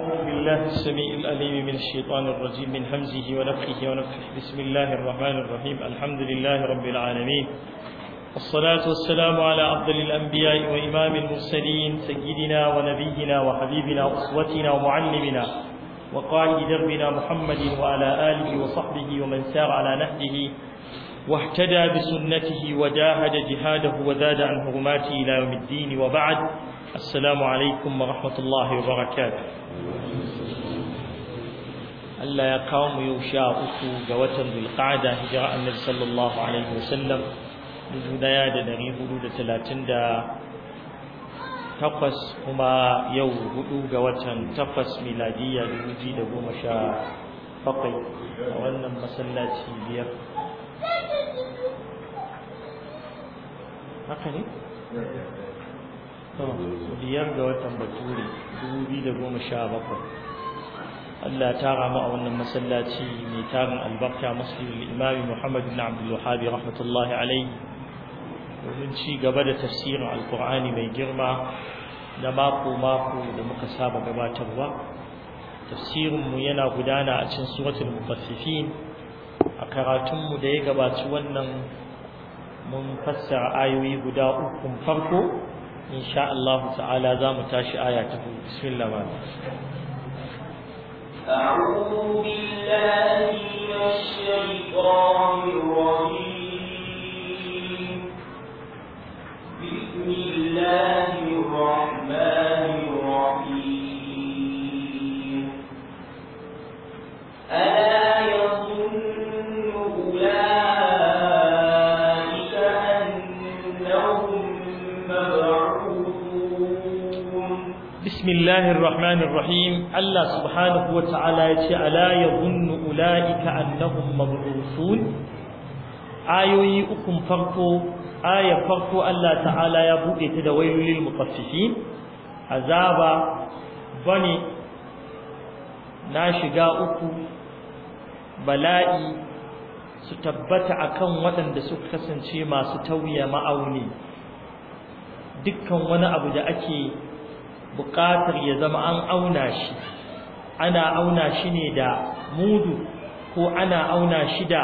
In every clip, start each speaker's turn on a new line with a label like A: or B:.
A: أعوذ بالله السميع الأليم من الشيطان الرجيم من همزه ونفخه ونفخه بسم الله الرحمن الرحيم الحمد لله رب العالمين والصلاة والسلام على أفضل الأنبياء وإمام المرسلين سيدنا ونبينا وحبيبنا وأسوتنا ومعلمنا وقائد دربنا محمد وعلى آله وصحبه ومن سار على نهجه واهتدى بسنته وجاهد جهاده وزاد عن حرماته إلى يوم الدين وبعد السلام عليكم ورحمة الله وبركاته Allah ya kawo mu yau sha uku ga watan Zulqa'ada hijira annabi sallallahu alaihi wasallam dubu daya da dari hudu da talatin da takwas kuma yau hudu ga watan takwas miladiyya dubu biyu da goma sha bakwai a wannan masallaci biyar haka ne? biyar ga watan baturi 2017 Allah ta rama a wannan masallaci mai tarin albarka muslim imami Muhammad bin Abdullahi rahmatullahi ala'i. domin ci gaba da tafsirin alkur'ani mai girma na mako mako da muka saba gabatarwa Tafsirinmu mu yana gudana a cin suratul mutaffifin a karatun mu da ya gabaci wannan mun fassara ayoyi guda uku farko إن شاء الله تعالى ذا متاشي آياته بسم الله الرحمن
B: أعوذ بالله من الشيطان الرجيم بسم الله الرحمن الرحيم ألا يظن أولئك
A: بسم الله الرحمن الرحيم الله سبحانه وتعالى يتي ألا يظن أولئك أنهم
C: مبعوثون
A: آيوي أكم فرقو آية فرقو الله تعالى يبوء تدويل للمطففين عذاب بني ناشقاء أكو بلائي ستبت أكم وطن دسوك كسن شيما ستوي معوني دكا وانا أبو جاءكي buƙatar ya zama an auna shi ana auna shi ne da mudu ko ana auna shi da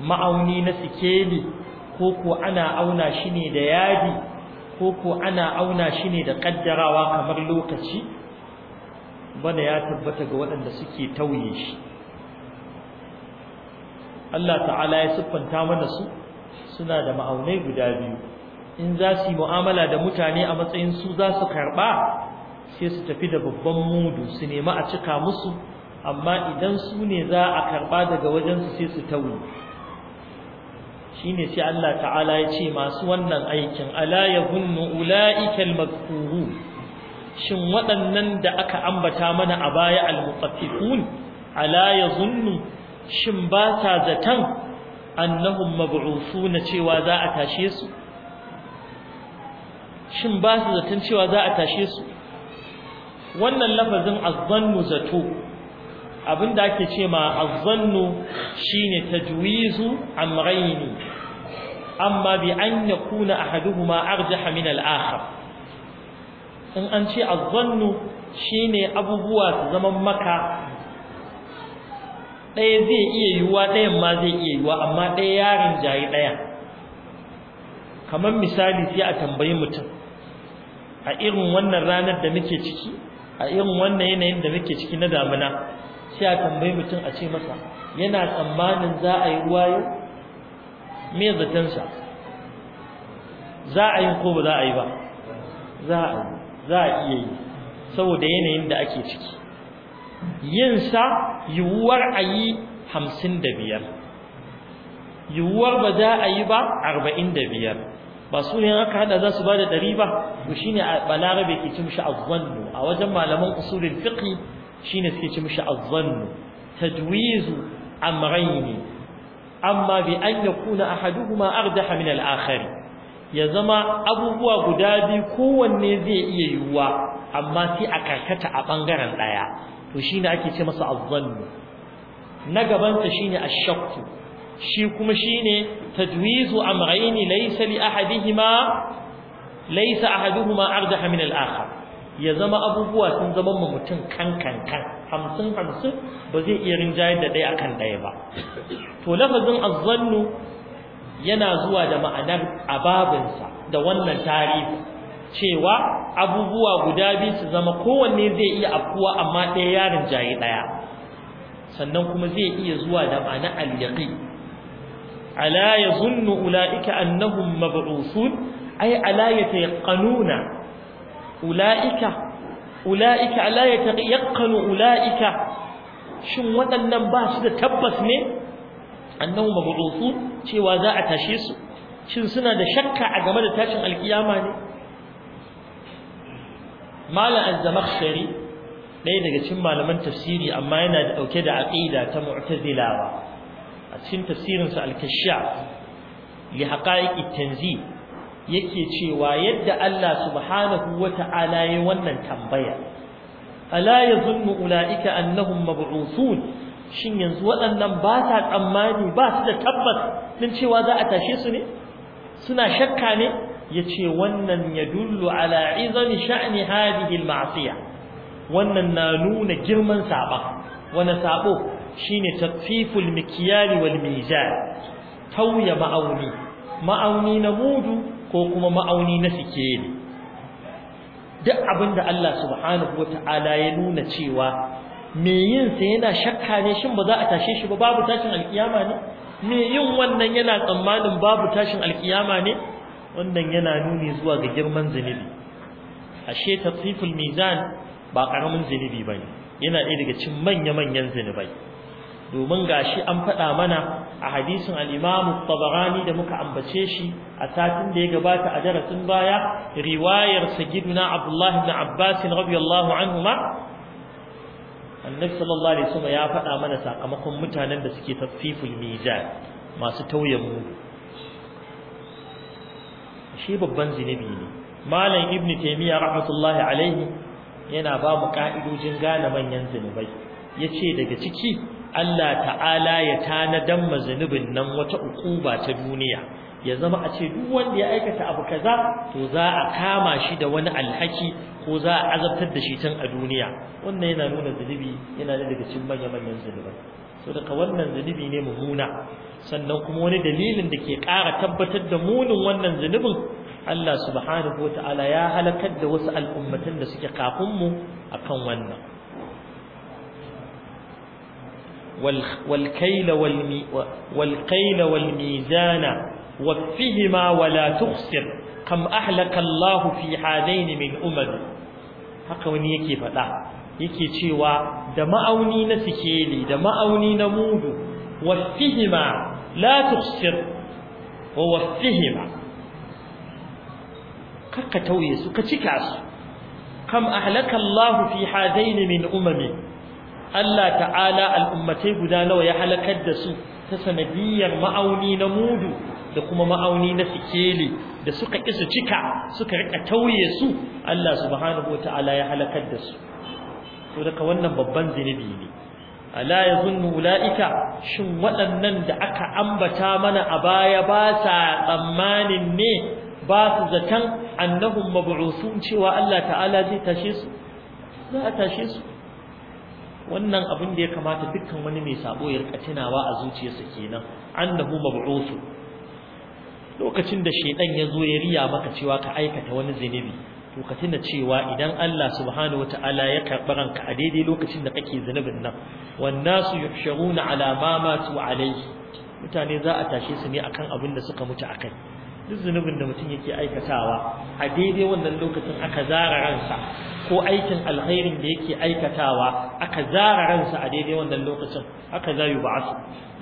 A: ma'auni na sikeli ko ko ana auna shi ne da yadi ko ko ana auna shi ne da ƙaddarawa kamar lokaci bada ya tabbata ga waɗanda suke tauye shi Allah ta'ala ya siffanta mana su suna da ma'aunai guda biyu in za su yi mu'amala da mutane a matsayin su za su karɓa sai su tafi da babban mudu su nemi a cika musu amma idan su ne za a karɓa daga wajen su sai su tauni shine sai Allah ta'ala ya ce masu wannan aikin ala hunnu ula'ikal mazkuru shin waɗannan da aka ambata mana a baya al muqaffifun ala hunnu shin ba ta zatan annahum mab'usuna cewa za a tashe su shin ba su zaton cewa za a tashe su wannan lafazin azzannu zato abinda ake ce ma azzannu shine tajwizu amrayni amma bi an yakuna ahaduhuma arjaha min al-akhar in an ce azzannu shine abubuwa su zaman maka ɗaya zai iya yiwuwa ɗayan ma zai iya yiwuwa amma ɗaya yarin jari ɗaya kamar misali sai a tambayi mutum a irin wannan ranar da muke ciki a irin wannan yanayin da muke ciki na damuna sai a tambayi mutum a ce masa yana tsammanin za a yi ruwa yau me sa za a yi ko ba za a yi ba za a za a iya yi saboda yanayin da ake ciki yin sa yiwuwar a yi hamsin da biyar yiwuwar ba za a yi ba arba'in da biyar ba su ne aka hada za su bada ɗari ba to shine a balarabe ke ci mishi azzannu a wajen malaman usulul fiqh shine suke ci mishi azzannu tajwizu amrayn amma bi an yakuna ahaduhuma arjaha min al-akhari ya zama abubuwa guda biyu kowanne zai iya yiwuwa amma sai a karkata a bangaren daya to ake ce masa azzannu na gabanta shine a shakku shi kuma shine tajwizu amrayn laysa li ahadihima laysa ahaduhuma ardaha min al-akhar ya zama abubuwa sun zama ma mutum kankan kan 50 50 ba zai iya rinjayar da dai akan daya ba to lafazin azzannu yana zuwa da ma'anar ababinsa da wannan tarihi cewa abubuwa guda biyu su zama kowanne zai iya afkuwa amma ɗaya ya rinjayi ɗaya sannan kuma zai iya zuwa da ma'anar al-yaqin ala yazunnu ulaika annahum mab'usun ay ala yataqanuna ulaika ulaika ala yataqanu ulaika shin waɗannan ba su da tabbas ne annahum mab'usun cewa za a tashe su shin suna da shakka a game da tashin alkiyama ne malam az-zamakhshari ɗaya daga cikin malaman tafsiri amma yana da dauke da aqida ta mu'tazilawa a cikin tafsirinsa al-kashsha li haqa'iqi tanzi yake cewa yadda Allah subhanahu wata'ala ya wannan tambaya ala yazunnu ulaika annahum mab'uthun shin yanzu waɗannan ba ta tsammani ba su da tabbas din cewa za a tashe su ne suna shakka ne yace wannan yadullu ala izami sha'ni hadhihi al-ma'siyah wannan na nuna girman saba wani sabo shine tatfiful mikyali wal mizan tauya ma'auni ma'auni na mudu ko kuma ma'auni na sike ne duk abinda Allah subhanahu wata'ala ya nuna cewa me yin sa yana shakka ne shin ba za a tashe shi ba babu tashin alkiyama ne me yin wannan yana tsammanin babu tashin alkiyama ne wannan yana nuni zuwa ga girman zunubi ashe tatfiful mizan ba karamin zunubi bane yana ɗaya daga cikin manya-manyan zunubai domin ga shi an faɗa mana a hadisin al-Imam tabarani da muka ambace shi a satin da ya gabata a darasin baya riwayar sayyiduna Abdullah ibn Abbas radiyallahu anhuma Annabi sallallahu alaihi wasallam ya faɗa mana sakamakon mutanen da suke tafiful mizan masu tauye mu shi babban zinubi ne malam ibn taymiya rahmatullahi alaihi yana ba mu ka'idojin gane manyan zinubai yace daga ciki Allah ta'ala ya tanadan mazunubin nan wata ukuba ta duniya ya zama a ce duk wanda ya aikata abu kaza to za a kama shi da wani alhaki ko za a azabtar da shi tun a duniya wannan yana nuna zunubi yana daga cikin manya-manyan zunubai so daga wannan zunubi ne mummuna sannan kuma wani dalilin da ke ƙara tabbatar da munin wannan zunubin Allah subhanahu wata'ala ya halakar da wasu al'ummatan da suke kafin mu akan wannan
C: والكيل والمي
A: والقيل والميزان وفيهما ولا تخسر كم أهلك الله في هذين من أمم هكذا يكيف لا يكيتي و دم أوني نسكيلي دم أوني نمود وفيهما لا تخسر ووفيهما كتوي سكتكاس كم أهلك الله في هذين من أمم Allah ta'ala al'ummatai guda nawa ya halakar da su ta sanadiyar ma'auni na mudu da kuma ma'auni na sikeli da suka isa cika suka rika tauye su Allah subhanahu wata'ala ya halakar da su to daga wannan babban zinubi ne ala yazunnu ulaika shin waɗannan da aka ambata mana a baya ba sa tsammanin ne ba su zaton annahum mab'usun cewa Allah ta'ala zai tashe su za a tashe su wannan abin da ya kamata dukkan wani mai sabo ya rika tunawa a zuciyarsa kenan annahu mab'usu lokacin da shedan ya zo ya riya maka cewa ka aikata wani zinubi to ka tuna cewa idan Allah subhanahu wataala ya karɓi ka a daidai lokacin da kake zinubin nan wan nasu yuhsharuna ala ma matu alayhi mutane za a tashi su ne akan abin da suka mutu akai duk zunubin da mutum yake aikatawa a daidai wannan lokacin aka zara ransa ko aikin alkhairin da yake aikatawa aka zara ransa a daidai wannan lokacin aka zayu asu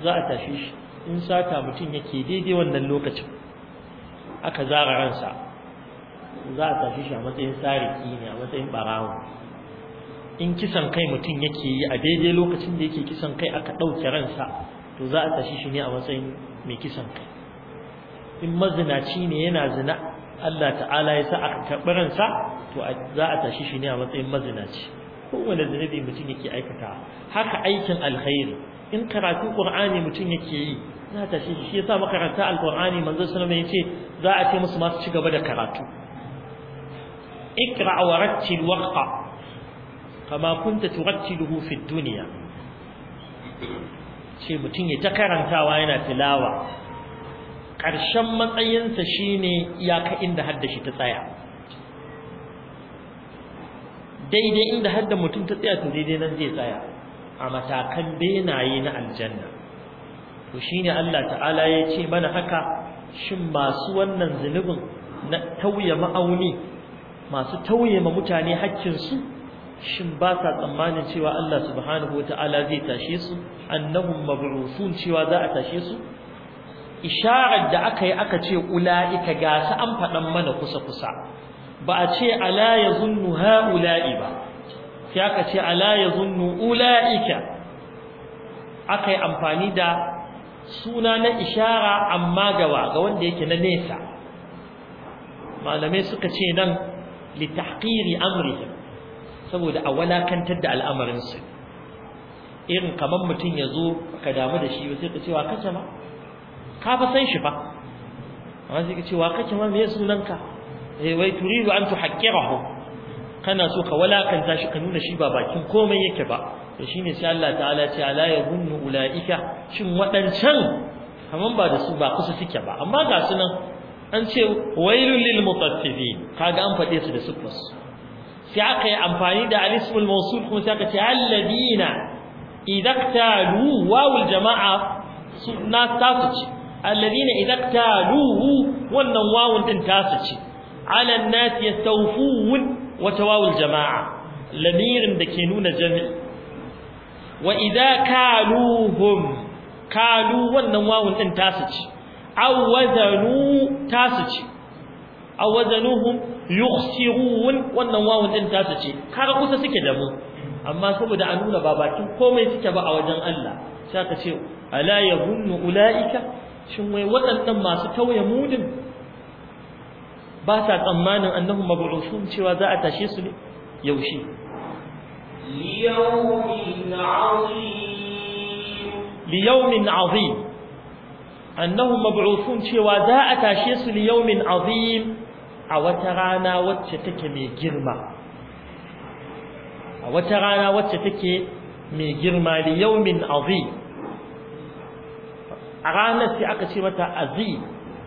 A: za a tafi shi in sata mutum yake daidai wannan lokacin aka zara ransa za a tafi shi a matsayin sariki ne a matsayin barawo in kisan kai mutum yake yi a daidai lokacin da yake kisan kai aka ɗauke ransa to za a tashi shi ne a matsayin mai kisan kai in mazinaci ne yana zina Allah ta'ala ya sa aka karɓi ransa to za a tashi shi ne a matsayin mazinaci kowane zunubi mutum yake aikata haka aikin alkhairi in karatun qur'ani mutum yake yi za a tashi shi yasa makaranta alqur'ani manzo sallallahu alaihi wasallam yace za a ce musu masu ci gaba da karatu ikra wa rattil waqa kama kunta turattiluhu fi dunya ce mutum ya ta karantawa yana tilawa ƙarshen matsayinsa shi shine ka inda hadda shi ta tsaya daidai inda hadda mutum ta tsaya to daidai nan zai tsaya a matakan benaye na aljanna to shi ne Allah ta'ala ya ce mana haka shi masu wannan zunubin na tauye ma'auni masu tauye ma mutane haƙƙinsu shin ba sa tsammanin cewa Allah subhanahu wa ta'ala zai tashe su annahum mab'usun cewa za a tashe su isharar da aka yi aka ce ula'ika ga su an faɗan mana kusa-kusa ba a ce ala ya zunnu ha'ula'i ba sai aka ce ala ya zunnu ula'ika aka yi amfani da suna na ishara amma gawa ga wanda yake na nesa malamai suka ce nan litahqiri amrihim saboda a walakantar da al'amarinsu irin kamar mutum ya zo ka damu da shi sai ka cewa kace ma ka fa san shi fa amma sai ka ce wa kake ma me sunanka eh wai turidu an tuhaqqirahu kana so ka walakanta shi ka nuna shi ba bakin komai yake ba to shine sai Allah ta'ala ce ala yaghunnu ulaika shin wadancan kaman ba da su ba kusa suke ba amma ga sunan an ce wailul lil mutaffifin kaga an fade su da sufus sai aka yi amfani da alismul mawsul kuma sai aka ce alladina idaktalu wawul jama'a sunna tasu ce alladhina idza qtaluhu wannan wawun din tasa ce ala an-nas yastawfun wa tawawul jama'a lamirin da ke nuna jami'i wa idza kaluhum kalu wannan wawun din tasa ce aw wazanu tasa ce aw wazanuhum yukhsirun wannan wawun din tasa ce kaga kusa suke da mu amma saboda a nuna ba bakin komai suke ba a wajen Allah sai ka ce ala yahunnu ulaika shin wai waɗannan masu tauye mudin ba sa tsammanin annahum mab'uthun cewa za a tashe su ne yaushe
B: liyawmin azim
A: liyawmin azim annahum mab'uthun cewa za a tashe su liyawmin azim a wata rana wacce take mai girma a wata rana wacce take mai girma liyawmin azim a ranar sai aka ce mata azim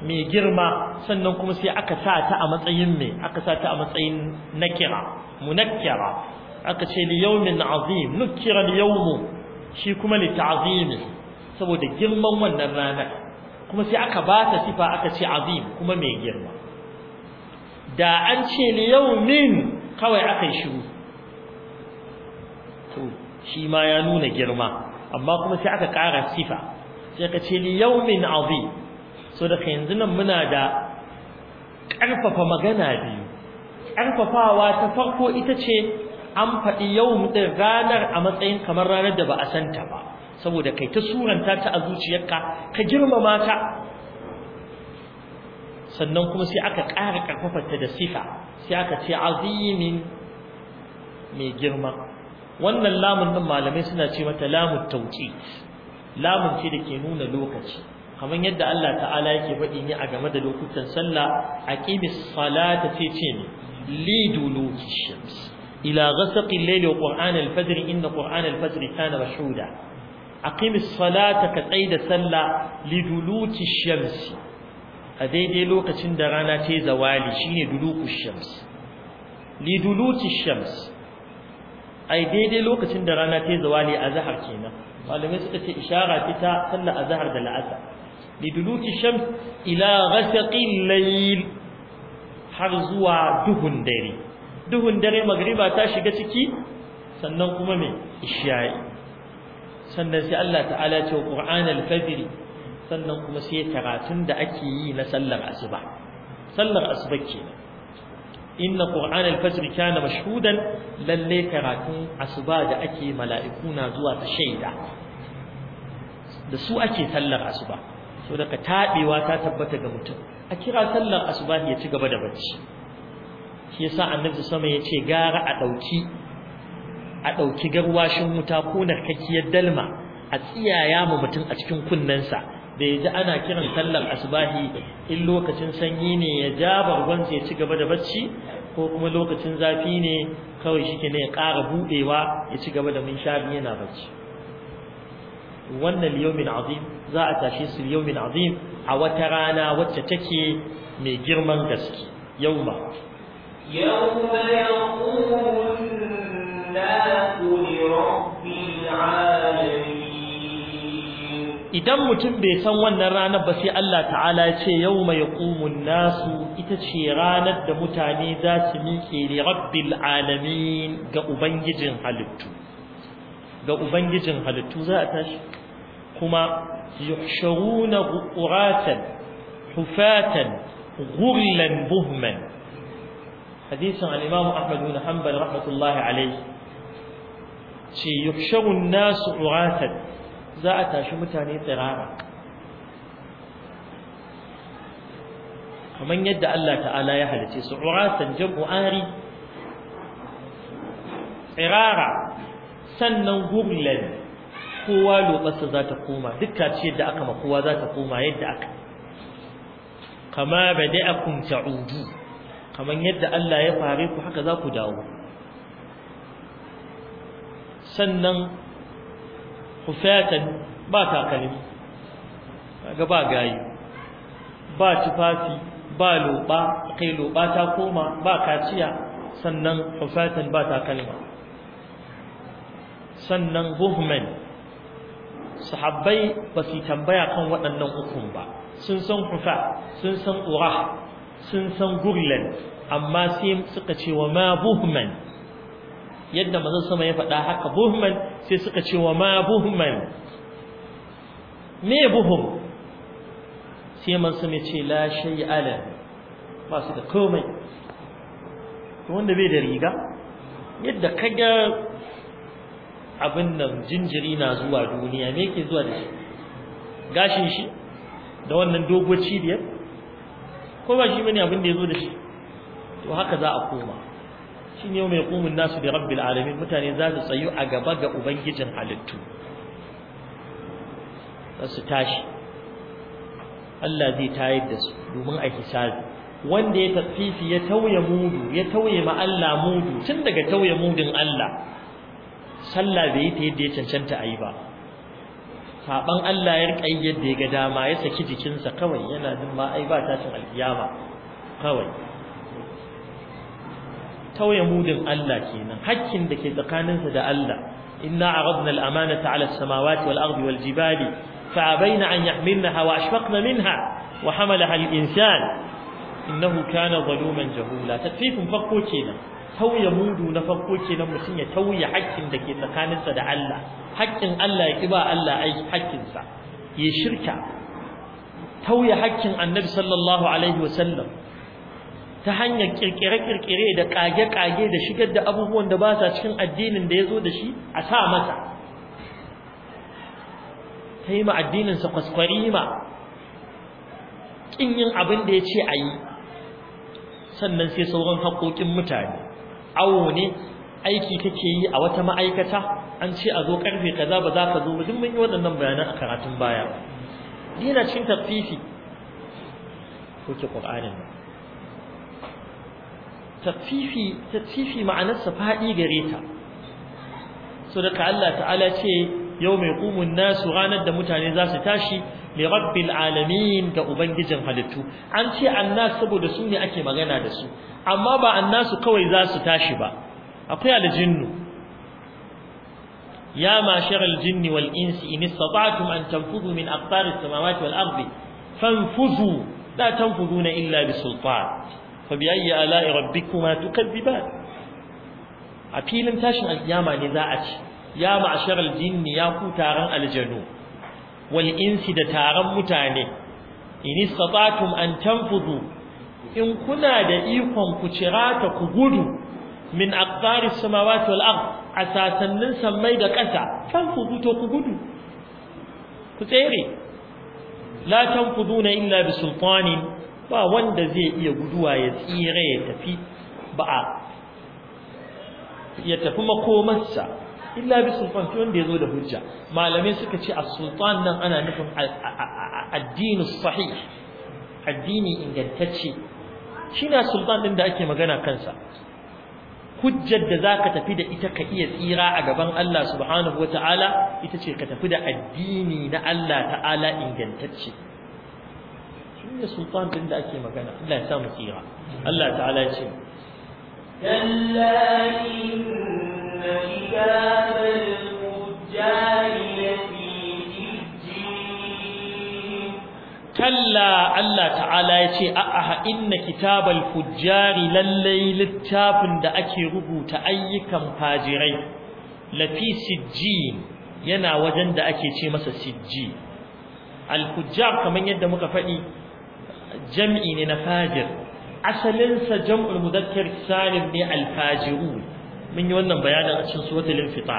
A: mai girma sannan kuma sai aka sa ta a matsayin mai aka sa ta a matsayin nakira munakkira aka ce li yawmin azim nukira li yawmu shi kuma li ta'zimi saboda girman wannan ranar kuma sai aka ba ta sifa aka ce azim kuma mai girma da an ce li yawmin
C: kawai aka yi shiru
A: to shi ma ya nuna girma amma kuma sai aka ƙara sifa sai ka ce li azim so da yanzu nan muna da ƙarfafa magana biyu
C: ƙarfafawa
A: ta farko ita ce an faɗi yau ɗin ranar a matsayin kamar ranar da ba a ta ba saboda kai ta suranta ta a zuciyarka
C: ka girmama ta
A: sannan kuma sai aka ƙara ƙarfafarta da sifa sai aka ce azimin mai girma wannan lamun nan malamai suna ce mata lamun tauƙi lamun ce da ke nuna lokaci kaman yadda Allah ta'ala yake faɗi ne a game da lokutan sallah aqimis salata ce ce li liduluki shams ila ghasaqi al-layli wa qur'an al-fajr inna qur'an al-fajr kana mashhuda aqimis salata ka tsaida sallah li liduluki shams a daidai lokacin da rana ta zawali shine duluku shams liduluki shams ai daidai lokacin da rana ta zawali a zahar kenan malamai suka ce ishara fita sallar azhar da la'asar liduluki shams ila ghasaqil layl har zuwa duhun dare duhun dare magriba ta shiga ciki sannan kuma me isha'i sannan sai Allah ta'ala ya ce Qur'an al-fajr sannan kuma sai karatun da ake yi na sallar asuba sallar asuba ke, inna qur'an al-fajr kana mashhudan lalle karatun asuba da ake mala'iku na zuwa ta shaida da su ake sallar asuba so daga taɓewa ta tabbata ga mutum a kira sallar asuba ya ci gaba da bacci shi yasa annabi sama ya ce gara a ɗauki a dauki garwashin wuta kunar dalma a tsiyaya ma mutum a cikin kunnensa da ya ji ana kiran sallar asubahi in lokacin sanyi ne ya ja bargonsa ya ci gaba da bacci ko kuma lokacin zafi ne kawai shi ne ya ƙara buɗewa ya ci gaba da mun yana bacci wannan liyomin azim za a tashi su liyomin azim a wata rana wacce take mai girman gaske
B: yauma
D: yauma
A: idan mutum bai san wannan ranar ba sai Allah ta'ala ya ce mai yaqumun nasu ita ce ranar da mutane za su miƙe li rabbil alamin ga ubangijin halittu ga ubangijin halittu za a tashi هما يحشرون غراتا حفاتا غرلا بهما حديث عن الإمام أحمد بن حنبل رحمة الله عليه يحشر الناس غراتا زاءتا شمتاني طرارا ومن يدى الله تعالى يهل سعراتا جمع آري عرارا سنا غرلا kowa lobarsa za ta koma dukka ce da aka ma kowa za ta koma yadda aka kama bada'akum ta'udu kaman yadda Allah ya fare ku haka za ku dawo sannan hufatan ba takalmi ga ba gayi ba tufafi ba loba kai loba ta koma ba kaciya sannan hufatan ba takalma sannan buhman sahabbai ba su tambaya kan waɗannan hukun ba sun san hufa sun san ƙura sun san Gurlen, amma sai suka ce wa ma buhman yadda manzon sama ya faɗa haka buhman sai suka ce wa ma buhman me buhum sai man sama ce la shayi ala ba su da komai wanda bai da riga yadda kaga abin nan jinjiri na zuwa duniya me yake zuwa da shi gashin shi da wannan dogon cibiyar ko ba shi bane abin da ya zo da shi to haka za a koma Shin yau mai kumin nasu da rabbil alamin mutane za su tsayu a gaba ga ubangijin halittu za su tashi Allah zai tayar da su domin a hisabi wanda ya tafifi ya tauye mudu ya tauye ma Allah mudu tun daga tauye mudun Allah sallah bai yi ta yadda ya cancanta a yi ba saban Allah ya rika yadda ya ga dama ya saki jikinsa kawai yana jin ma ai ba tashin alkiyama kawai tauye mudin Allah kenan hakkin da ke tsakaninsa da Allah inna aradna al-amanata 'ala as-samawati wal-ardi wal-jibali فأبين أن يحملنها وأشفقن منها insan الإنسان إنه كان jahula جهولا fakko kenan tauye mudu na farko kenan mutum ya tauye haƙƙin da ke tsakaninsa da Allah haƙƙin Allah ya kiba Allah ai haƙƙinsa ya shirka tauye haƙƙin Annabi sallallahu alaihi wasallam ta hanyar kirkire-kirkire da kage-kage da shigar da abubuwan da ba sa cikin addinin da ya zo da shi a sa masa ta yi ma addininsa kwaskwarima Kin yin abin da ya ce a yi sannan sai sauran haƙoƙin mutane awo ne aiki kake yi a wata ma'aikata an ce a zo karfe kaza ba za ka zo ba duk mun yi waɗannan bayanan a karatun baya dina cin tafifi ko ke qur'anin tafifi tafifi ma'anarsa faɗi gare ta so da ka Allah ta'ala ce yau mai ƙumun nasu ranar da mutane za su tashi li rabbil alamin ga ubangijin halittu an ce annas saboda su ne ake magana da su amma ba annasu kawai za su tashi ba akwai aljinnu ya mashar aljinni wal insi in istata'tum an tanfudu min aqtar samawati wal ardi fanfudu la tanfuduna illa bi sultan fa bi ayyi ala'i rabbikuma tukadiban a filin tashin alkiyama ne za a ci ya ma'ashar aljinni ya ku taron aljanu wal insi da taron mutane in istata'tum an tanfudu in kuna da ikon ku cirata ku gudu min sama samawati wal A asasannin sammai da ƙasa tanfudu to ku gudu ku tsere la tanfuduna illa bi sultanin ba wanda zai iya guduwa ya tsire ya tafi ba ya tafi makomarsa illa bi sultan shi wanda yazo da hujja malamai suka ce as-sultan nan ana nufin addini sahih addini ingantacce shine sultan din da ake magana kansa hujjar da zaka tafi da ita ka iya tsira a gaban Allah subhanahu wataala ita ce ka tafi da addini na Allah ta'ala ingantacce shine sultan din da ake magana Allah ya samu tsira Allah ta'ala ya ce
B: كلا
A: Talla Allah ta'ala ya ce a'a inna kitabal fujjari lallai littafin da ake rubuta ayyukan fajirai lafi sijji yana wajen da ake ce masa sijji al fujjar yadda muka faɗi jam'i ne na fajir Asalinsa sa jam'ul mudhakkar salim ne al fajiru mun yi wannan bayanin a cikin suratul infita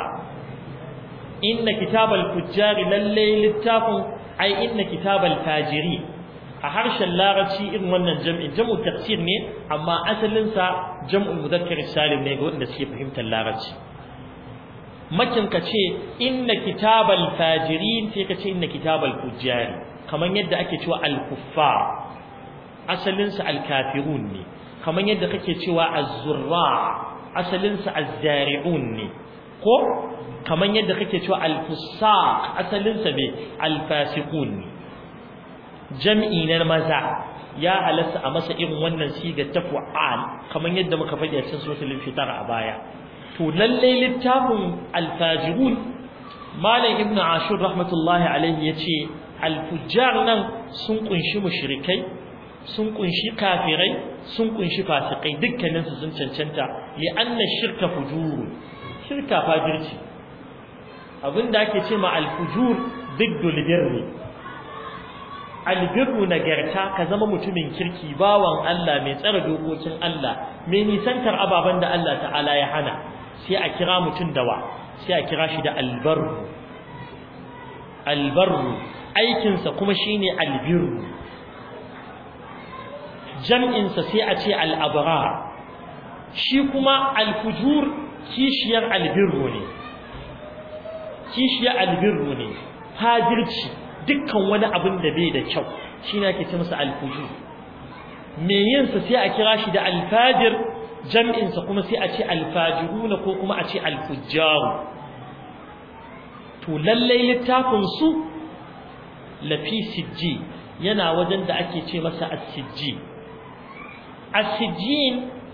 A: inna kitabal fujjari lalle littafin ai inna kitabal fajiri a harshen larabci irin wannan jam'in jam'u tafsir ne amma asalin sa jam'u mudhakkar salim ne ga wanda suke fahimtar larabci makin ka ce inna kitabal fajirin sai ka ce inna kitabal fujjari kamar yadda ake cewa al kuffa asalin sa al-kafirun ne kamar yadda kake cewa az-zurra asalinsa azzari'un ne ko kamar yadda kake cewa al asalinsa ne al ne jam'i na maza ya halasta a masa irin wannan siga ta fu'al kamar yadda muka faɗi a cikin suratul fitar a baya to lalle littafin al malam ibnu ashur rahmatullahi alaihi yace alfujar nan sun kunshi mushrikai sun kunshi kafirai sun kunshi fasikai dukkaninsu sun cancanta li'anna shirka fujur shirka fajirci abinda ake ce ma al-fujur diddul birri al-birru nagarta ka zama mutumin kirki bawan Allah mai tsare dokokin Allah mai nisantar ababen da Allah ta'ala ya hana sai a kira mutun dawa sai a kira shi da al-barru al-barru aikin sa kuma shine al-birru jam'in sai a ce al shi kuma alfujur kishiyar albirru ne kishiyar albirru ne fajirci dukkan wani abin da bai da kyau shine ake ce masa alfujur me yin sa sai a kira shi da alfajir jam'in sa kuma sai a ce na ko kuma a ce alfujaru. to lallai littafin su lafi sijji yana wajen da ake ce masa as-sijji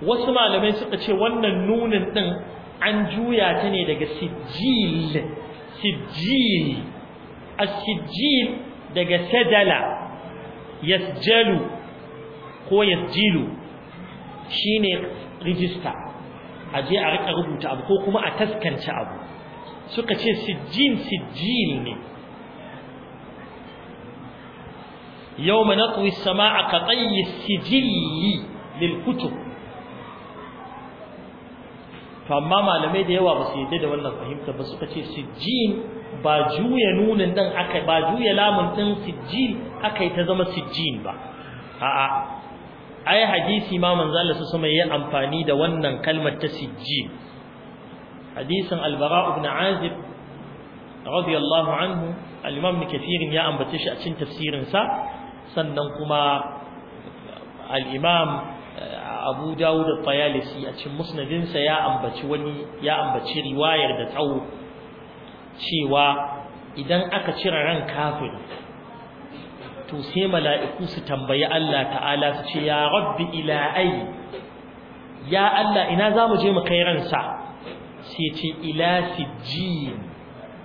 A: wasu malamai suka ce wannan nunin din an juya ta ne daga sijil sijil as-sijil daga sadala. yasjalu ko yasjilu shine register a je a rika rubuta abu ko kuma a taskance abu suka ce sijjin sijil ne yawma natwi as-samaa ka tayyi sijil lil kutub to amma malamai da yawa ba su yadda da wannan fahimta ba suka ce sijjin ba juya nunin nan aka ba juya lamun din sijjin aka yi ta zama sijjin ba a'a ai hadisi ma manzo Allah su ya amfani da wannan kalmar ta sijjin hadisin albara ibn azib radiyallahu anhu al-imam ibn ya ambace shi a cikin tafsirin sa sannan kuma al-imam abu dawud at-tayalisi a cikin musnadinsa ya ambaci wani ya ambaci riwayar da tsawo cewa idan aka cire ran kafin to sai mala'iku su tambayi Allah ta'ala su ce ya rabbi ila ai ya Allah ina zamu je mu kai ransa sai ce ila sijjin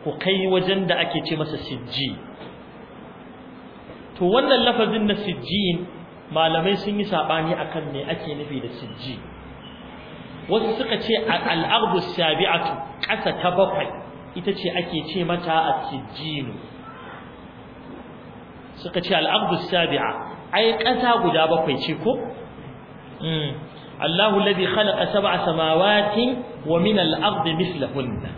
A: ku kai wajen da ake ce masa sijji to wannan lafazin na sijjin malamai sun yi sabani akan me ake nufi da sijji wasu suka ce al-ardu sabi'atu ƙasa ta bakwai ita ce ake ce mata as-sijjin suka ce al-ardu sabi'a ai ƙasa guda bakwai ce ko hmm. Allahu alladhi khalaqa sab'a samawati wa min al-ardi mithlahunna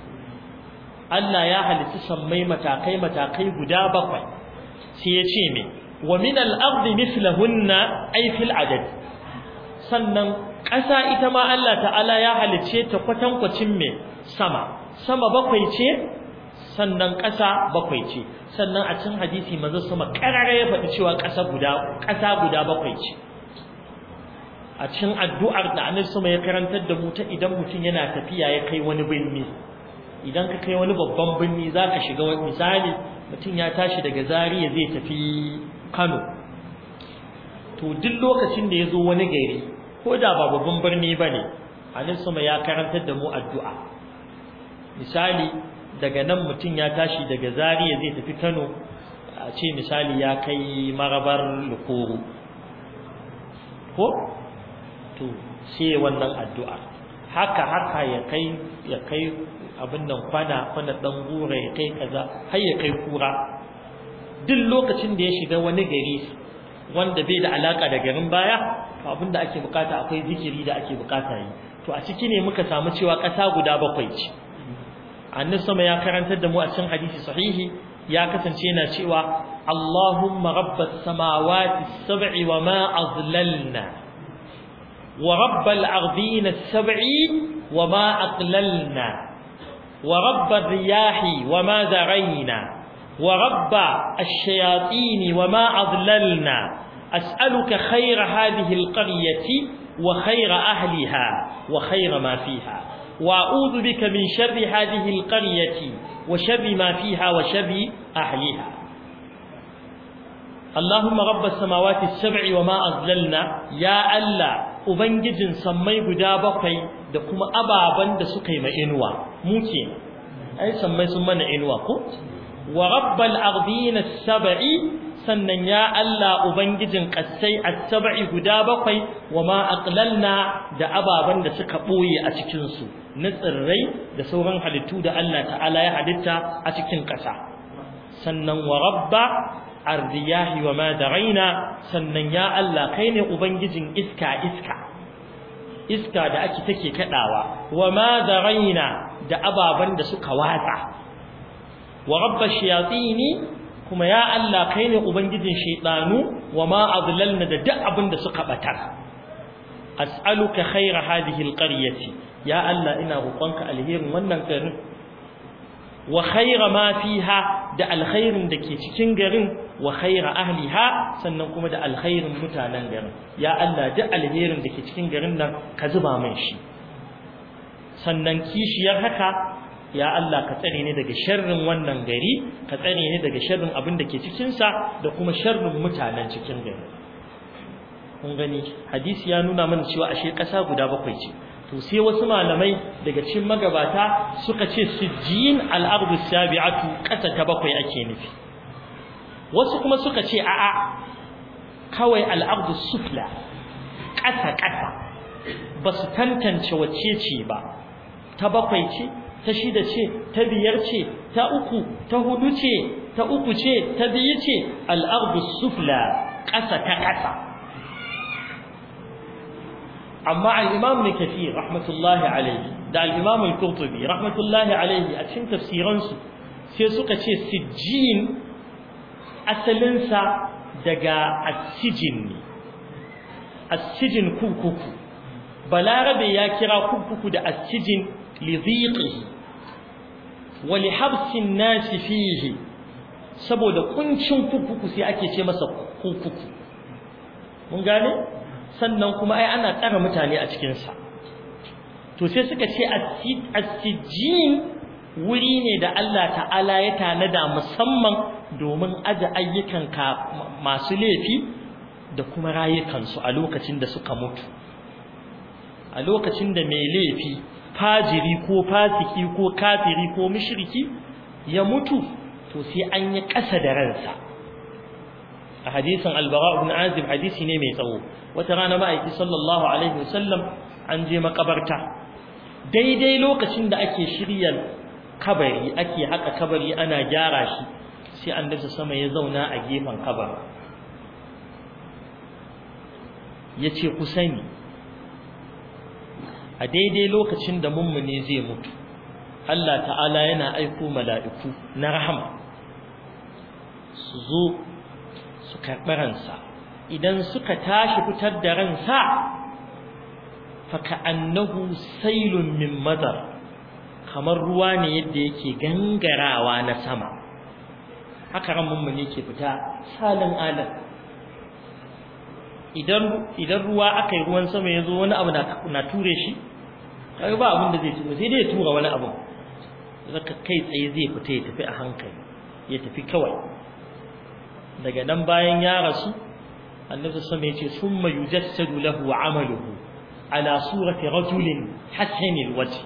A: Allah ya halitta sammai matakai matakai guda bakwai sai ya ce me wa min al-ardi mithlahunna ay sannan ƙasa ita ma Allah ta'ala ya halice ta kwatankwacin me sama sama bakwai ce sannan ƙasa bakwai ce sannan a cikin hadisi manzo sama karara ya faɗi cewa ƙasa guda ƙasa guda bakwai ce a cikin addu'ar da Annabi sama ya karantar da mu ta idan mutum yana tafiya ya kai wani birni idan ka kai wani babban birni za ka shiga wani misali mutum ya tashi daga Zariya zai tafi Kano to duk lokacin da ya zo wani gari ko da ba babban birni ba ne anin sama ya karantar da mu addu'a misali daga nan mutum ya tashi daga zariya zai tafi kano a ce misali ya kai marabar lukuru ko to sai wannan addu'a haka haka ya kai ya kai abin nan kwana kwana ɗan gura ya kai kaza har ya kai kura duk lokacin da ya shiga wani gari wanda bai da alaka da garin baya to abinda ake bukata akwai zikiri da ake bukata yi to a ciki ne muka samu cewa ƙasa guda bakwai ce annabi sama ya karantar da mu a cikin hadisi sahihi ya kasance yana cewa Allahumma rabbas samawati sab'i wa ma azlalna wa rabbal ardina sab'i wa ma aqlalna wa rabbar riyahi wa ma zarayna wa rabba ash-shayatini wa ma adlalna as'aluka khayra hadhihi al-qaryati wa khayra ahliha wa khayra ma fiha wa a'udhu bika min sharri hadhihi al-qaryati wa sharri ma fiha wa sharri ahliha اللهم رب السماوات السبع وما أضللنا يا ألا أبنجج سمي قدا بقي دكما أبابا دسكي ما إنوا موكي أي سمي سمي إنوا قوت wa rabbal ardina sab'i sannan ya Allah ubangijin kassai as-sab'i guda bakwai wa ma aqlalna da ababan da suka boye a cikin su na tsirrai da sauran halittu da Allah ta'ala ya halitta a cikin kasa sannan wa rabba ardiyahi wa ma da'ina sannan ya Allah kai ne ubangijin iska iska iska da ake take kadawa wa ma da'ina da ababan da suka watsa wa rabba shayatini kuma ya Allah kai ne ubangijin shaydanu wa ma adlalna da duk abin da suka batar as'aluka khayra hadhihi alqaryati ya Allah ina roƙonka alherin wannan garin wa khayra ma fiha da alkhairin da ke cikin garin wa khayra ahliha sannan kuma da alkhairin mutanen garin ya Allah duk alherin da ke cikin garin nan ka zuba min shi sannan kishiyar haka ya Allah ka tsare ni daga sharrin wannan gari ka tsare ni daga sharrin abin da ke cikin sa da kuma sharrin mutanen cikin gari kun gani hadisi ya nuna mana cewa ashe kasa guda bakwai ce to sai wasu malamai daga cikin magabata suka ce sujjin al-ardu sabi'atu kasa ta bakwai ake nufi wasu kuma suka ce a'a kawai al-ardu sufla kasa kasa
C: basu tantance wacce ce
A: ba ta bakwai ce ta shida ce ta biyar ce ta uku ta hudu ce ta uku ce ta biyu ce Al'adu sufla ƙasa ta ƙasa amma al'imam kafi rahmatullahi alaihi da al'imam kurtubi rahmatullahi alaihi a cikin tafsiransu sai suka ce sijjin asalinsa daga asijin ne asijin kurkuku balarabe ya kira kurkuku da asijin لضيقه ولحبس الناس فيه saboda kuncin kukuku sai ake ce masa kukuku mun gane sannan kuma ai ana tsara mutane a cikin sa to sai suka ce as sijin wuri ne da Allah ta'ala ya tanada musamman domin aje ayyukan ka masu laifi da kuma rayukansu a lokacin da suka mutu a lokacin da mai laifi fajiri ko fasiki ko kafiri ko mushriki ya mutu to sai an yi ƙasa da ransa a hadisin albara ibn azib hadisi ne mai tsawo wata rana ma'aiki sallallahu alaihi wasallam an je makabarta daidai lokacin da ake shirya kabari ake haka kabari ana gyara shi sai an dasa sama ya zauna a gefen kabar yace ku sani a daidai lokacin da mummuni zai mutu Allah ta'ala yana aiko mala'iku na rahama su zo su karɓi idan suka tashi fitar da ransa annahu sailun min madar kamar ruwa ne yadda yake gangarawa na sama haka ran mummuni ke fita salin alam idan ruwa aka yi ruwan sama ya zo wani abu na ture shi kai ba abin da zai tura sai dai ya tura wani abu zaka kai tsaye zai fita ya tafi a hankali ya tafi kawai daga nan bayan ya rasu annabi sallallahu alaihi wasallam ya ce summa yujassadu lahu amaluhu ala surati rajulin hasanil wajh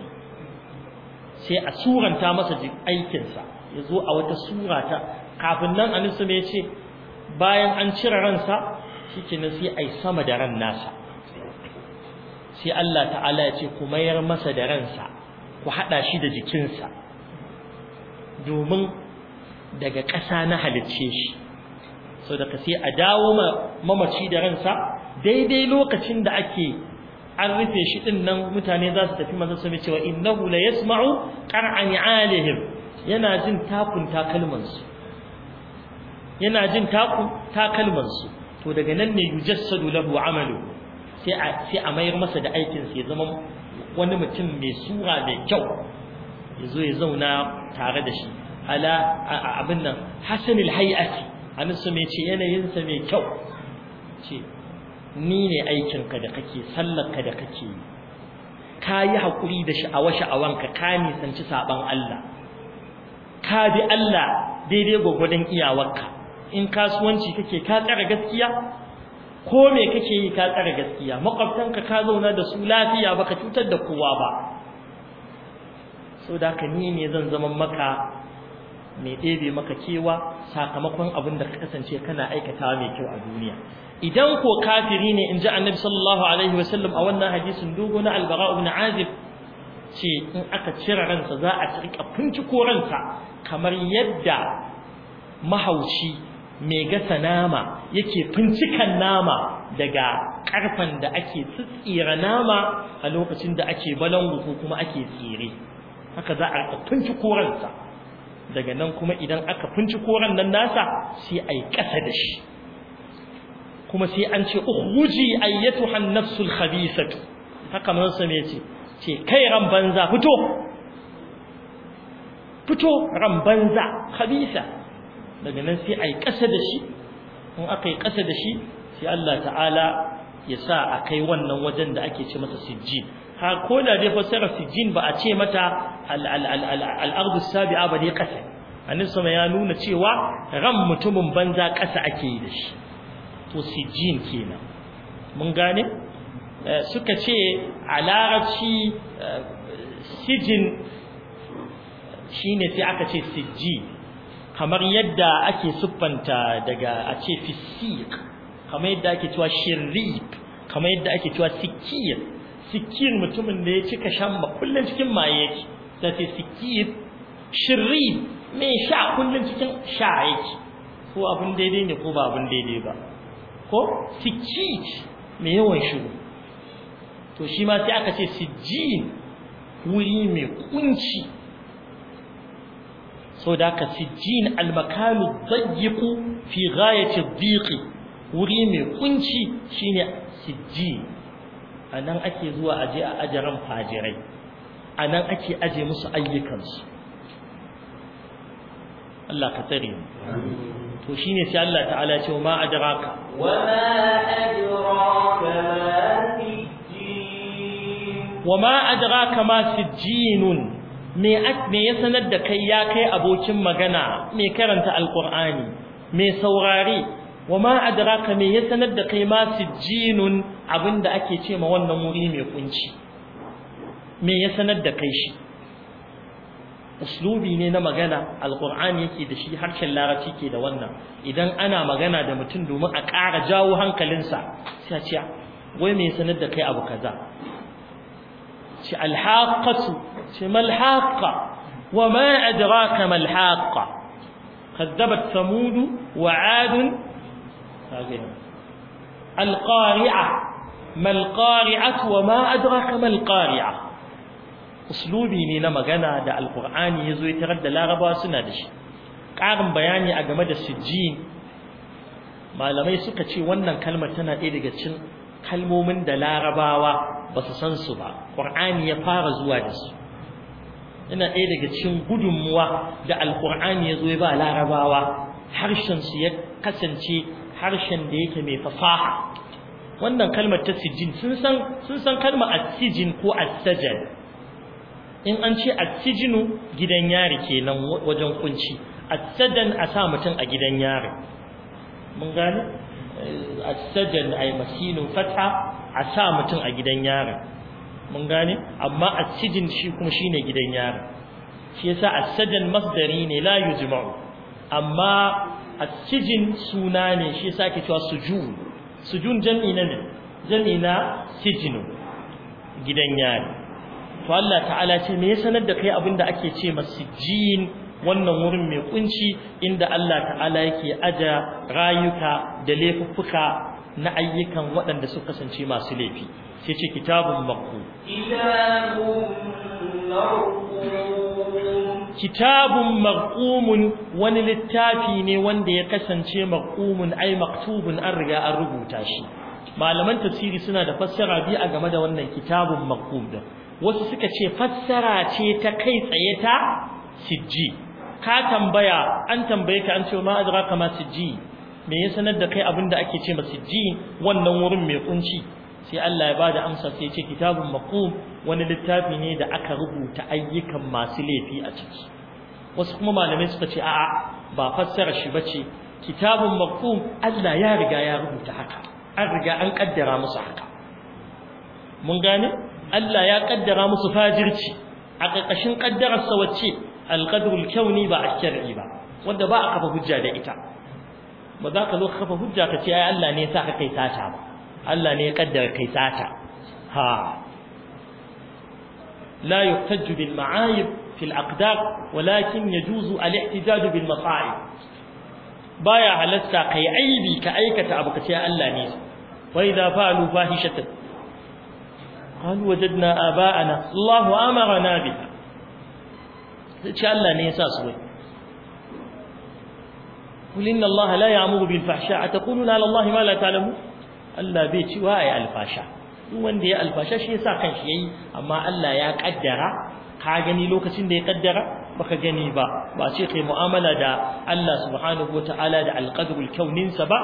A: sai a suranta masa aikinsa ya zo a wata surata kafin nan annabi sallallahu alaihi wasallam ya ce bayan an cire ransa shikenan sai ai sama da ran nasa sai Allah ta'ala ya ce ku mayar masa da ransa ku hada shi da jikinsa domin daga ƙasa na halicce shi sau da sai a dawo mamaci da ransa daidai lokacin da ake an rufe shi ɗin nan mutane za su tafi masa sami cewa innahu la yasma'u qar'an alihim yana jin takun takalmansu yana jin takun takalmansu to daga nan ne yujassadu lahu amalu sai a sai a mayar masa da aikin sai zama wani mutum mai sura mai kyau ya zo ya zauna tare da shi ala abin nan hasanil hay'ati anan mai ce yanayin sa mai kyau ce ni ne aikin ka da kake sallar ka da kake ka yi hakuri da a wanka, ka sanci saban Allah ka bi Allah daidai gwagwadon iyawarka in kasuwanci kake ka tsara gaskiya ko me kake yi ka tsara gaskiya makwabtanka ka zauna da su lafiya baka cutar da kowa ba so da ka ni ne zan zama maka mai ɗebe maka kewa sakamakon abin da ka kasance kana aikatawa mai kyau a duniya idan ko kafiri ne in ji annabi sallallahu alaihi sallam a wannan hadisin dogo na albara ibn azib ce in aka cire ransa za a rika ko ransa kamar yadda mahaushi mai gasa nama yake fincikan nama daga karfan da ake tsitsira nama a lokacin da ake balangu ko kuma ake tsire haka za a finci koransa daga nan kuma idan aka finci koran nan nasa sai a yi ƙasa da shi kuma sai an ce ukhuji ayyatu an-nafsul khabisatu haka man ce ce kai ran banza fito fito ran banza khabisa daga nan sai a yi ƙasa da shi in akai ƙasa da shi sai Allah ta'ala ya sa a kai wannan wajen da ake ce masa sijjin ha ko da dai fassara sijjin ba a ce mata al'ardu sabi'a ba dai ƙasa annabi sama ya nuna cewa ran mutumin banza kasa ake yi da shi to sijjin kenan mun gane eh, suka ce a eh, sijin shine sai aka ce sijjin kamar yadda ake siffanta daga a ce
C: fisik
A: kamar yadda ake cewa shirib kamar yadda ake cewa sikir sikir mutumin da ya cika shan kullun cikin maye yake sai sikir shirib mai sha kullun cikin sha yake ko abin daidai ne ko ba abin daidai ba ko
D: sikit
A: mai yawan shigo to shi ma sai aka ce sijin wuri mai
D: kunci
A: so da ka sijjin almakanu dayyiku fi ghayati dhiqi wuri mai kunci shine sijjin anan ake zuwa aje a ajaran fajirai anan ake aje musu ayyukansu Allah ka tsare mu to shine sai Allah ta'ala ya ce ma adraka wa ma adraka ma sijjin wa ma adraka ma sijjinun me ya sanar da kai ya kai abokin magana mai karanta alkur'ani mai saurari wa ma adraka me ya sanar da kai ma sijinun abinda ake ce ma wannan wuri mai kunci me ya sanar da kai shi uslubi ne na magana alkur'ani yake da shi harshen larabci ke da wannan idan ana magana da mutum domin a ƙara jawo hankalinsa sai a ce wai me ya sanar da kai abu kaza ci alhaqatu ce malhaqa wa ma adraka malhaqa kazzabat samud wa ad القارعة ما القارعة وما أدرك da القارعة أسلوبي من مغانا دا القرآن يزوي ترد لا ربا سنادش ƙarin bayani a game da sijjin malamai suka ce wannan kalmar tana ɗaya daga cikin kalmomin da larabawa ba su san su ba ƙur'ani ya fara zuwa da su yana ɗaya daga cikin gudunmuwa da Alƙur'ani ya zo ya ba larabawa harshen su ya kasance harshen da yake mai fasaha wannan kalmar ta sijin sun san sun san kalmar asijin ko asajan in an ce asijinu gidan yari kenan wajen kunci asajan a sa mutum a gidan yari mun gane asajan ay masinun fata a sa mutum a gidan yari. mun gane amma cijin shi kuma shine gidan yari shi yasa asajan masdari ne la yujma'u amma cijin suna ne shi yasa ake cewa sujud sujud jami'i ne jami'i na sijinu gidan yari to Allah ta'ala ce me ya sanar da kai abinda ake ce masijin wannan wurin mai kunci inda Allah ta'ala yake aja rayuka da laifuffuka na ayyukan waɗanda suka kasance masu laifi sai ce kitabun kitabun wani littafi ne wanda ya kasance marqumun ai maktubun an riga an rubuta shi malaman tafsiri suna da fassara biyu a game da wannan kitabun marqum din wasu suka ce fassara ce ta kai tsaye ta sijji ka tambaya an tambaye ka an ce ma ka ma sijji me ya sanar da kai abin da ake ce ma sijji wannan wurin mai kunci sai Allah ya bada amsa sai ce kitabun maqum wani littafi ne da aka rubuta ayyukan masu laifi a ciki wasu kuma malamai suka ce a'a ba fassara shi bace kitabun maqum Allah ya riga ya rubuta haka an riga an kaddara musu haka mun gane Allah ya kaddara musu fajirci a ƙarƙashin kaddarar sa wacce alqadrul kauni ba ashari ba wanda ba a kafa hujja da ita ba za ka zo ka kafa hujja ka ce ai Allah ne ya sa ka kai sata ba Allah ne ya kaddara kai sata ha la yuhtaju bil ma'ayib fil aqdar walakin yajuzu al ihtijaj bil masa'ib baya halatta kai aibi ka aikata abu kace Allah ne wa idza fa'alu fahishatan qalu wajadna aba'ana Allah amarna biha sai Allah ne yasa su قل إن الله لا يعمر بالفحشاء تقولون على الله ما لا تعلمون Allah bai ci wa ai alfasha duk wanda ya alfasha shi yasa kanshi yayi amma Allah ya kaddara ka gani lokacin da ya kaddara baka gani ba ba ce kai mu'amala da Allah subhanahu wataala da alqadrul kyau sa ba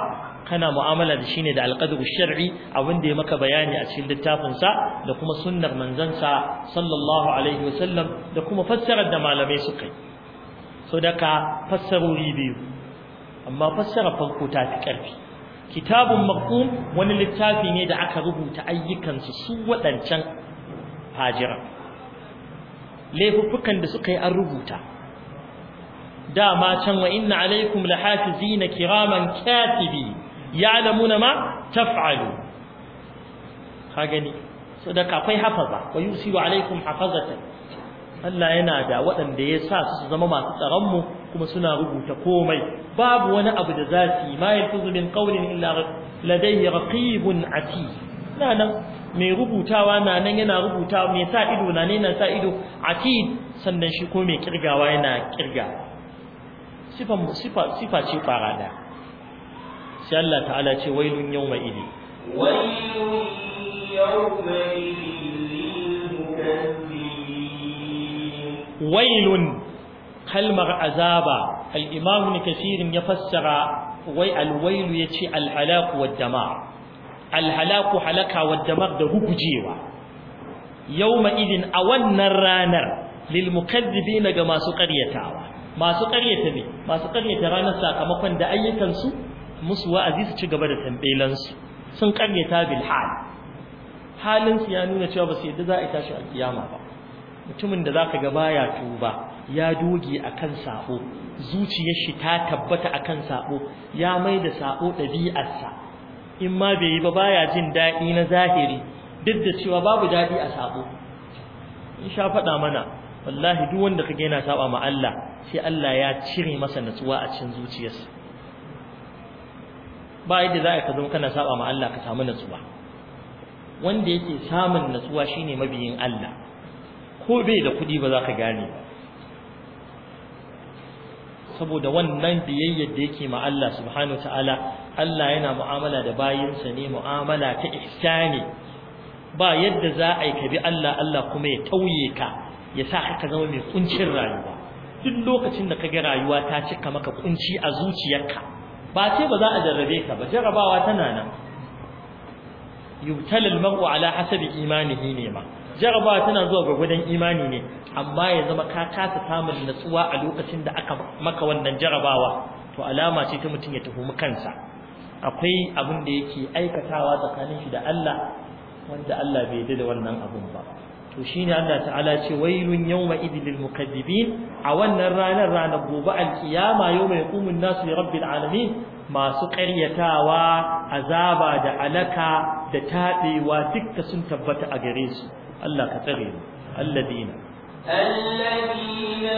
A: kana mu'amala da shine da alqadru shar'i abin da ya maka bayani a cikin littafin sa da kuma sunnar manzon sa sallallahu alaihi wasallam da kuma fassarar da malamai suka yi so daga fassarori biyu amma fassarar farko ta fi karfi kitabun maqum wani littafi ne da aka rubuta ayyukansu su waɗancan hajira laifuffukan da suka yi an rubuta dama can wa inna alaikum lahafizina kiraman katibi ya'lamuna ma taf'alu ka gani so da akwai hafaza wa yusiru alaikum hafazatan Allah yana da waɗanda ya sa su zama masu tsaron mu kuma suna rubuta komai babu wani abu da za su yi ma yalfuzu min qawlin illa ladayhi raqibun ati na nan mai rubutawa na nan yana rubuta mai sa ido na ne na sa ido ati sannan shi ko mai kirgawa yana kirga sifa sifa sifa ce fara da sai Allah ta'ala ce wailun yawma idi
B: wailun yawma idi wailun
A: kalmar azaba al-imam ya fassara wai al-wailu yace al-halaq wa dama halaka wa da hukujewa Yau idin a wannan ranar lil na ga masu qaryatawa masu qaryata ne masu qaryata ranar sakamakon da ayyukan su musu wa'azi su ci gaba da tambayelan sun karyata bilhal Halinsu ya nuna cewa ba su yadda za a tashi alkiyama ba mutumin da zaka ga baya tuba ya doge a akan sabo zuciyar shi ta tabbata akan sabo ya mai da sabo ɗabi'arsa in ma bai yi ba baya jin daɗi na zahiri duk da cewa babu daɗi a sabo in sha faɗa mana wallahi duk wanda kage yana saba ma Allah sai Allah ya cire masa natsuwa a cikin zuciyarsa ba yadda za ka zama kana saba ma Allah ka samu natsuwa wanda yake samun natsuwa shine mabiyin Allah ko bai da kuɗi ba za ka gane ba saboda wannan biyayyar da yake ma Allah subhanahu ta'ala Allah yana mu'amala da bayinsa ne mu'amala ta ihsani ba yadda za a yi ka bi Allah Allah kuma ya tauye ka ya sa ka zama mai kuncin rayuwa duk lokacin da ka ga rayuwa ta cika maka kunci a zuciyarka ba ce ba za a jarrabe ka ba jarrabawa tana nan yubtalal mar'u ala hasabi imanihi ne ma jarabawa tana zuwa ga gwagwadon imani ne amma ya zama ka kasa samun natsuwa a lokacin da aka maka wannan jarabawa to alama ce ta mutum ya tuhumi kansa akwai abin da yake aikatawa tsakanin shi da Allah wanda Allah bai yarda da wannan abin ba to shine Allah ta'ala ce wailun yawma idil lil mukaddibin a wannan ranar ranar gobe alkiyama yawma yaqumun nasu li rabbil alamin masu ƙaryatawa azaba da alaka da taɗewa dukka sun tabbata a gare su Allah ka tsare mu alladina
B: alladina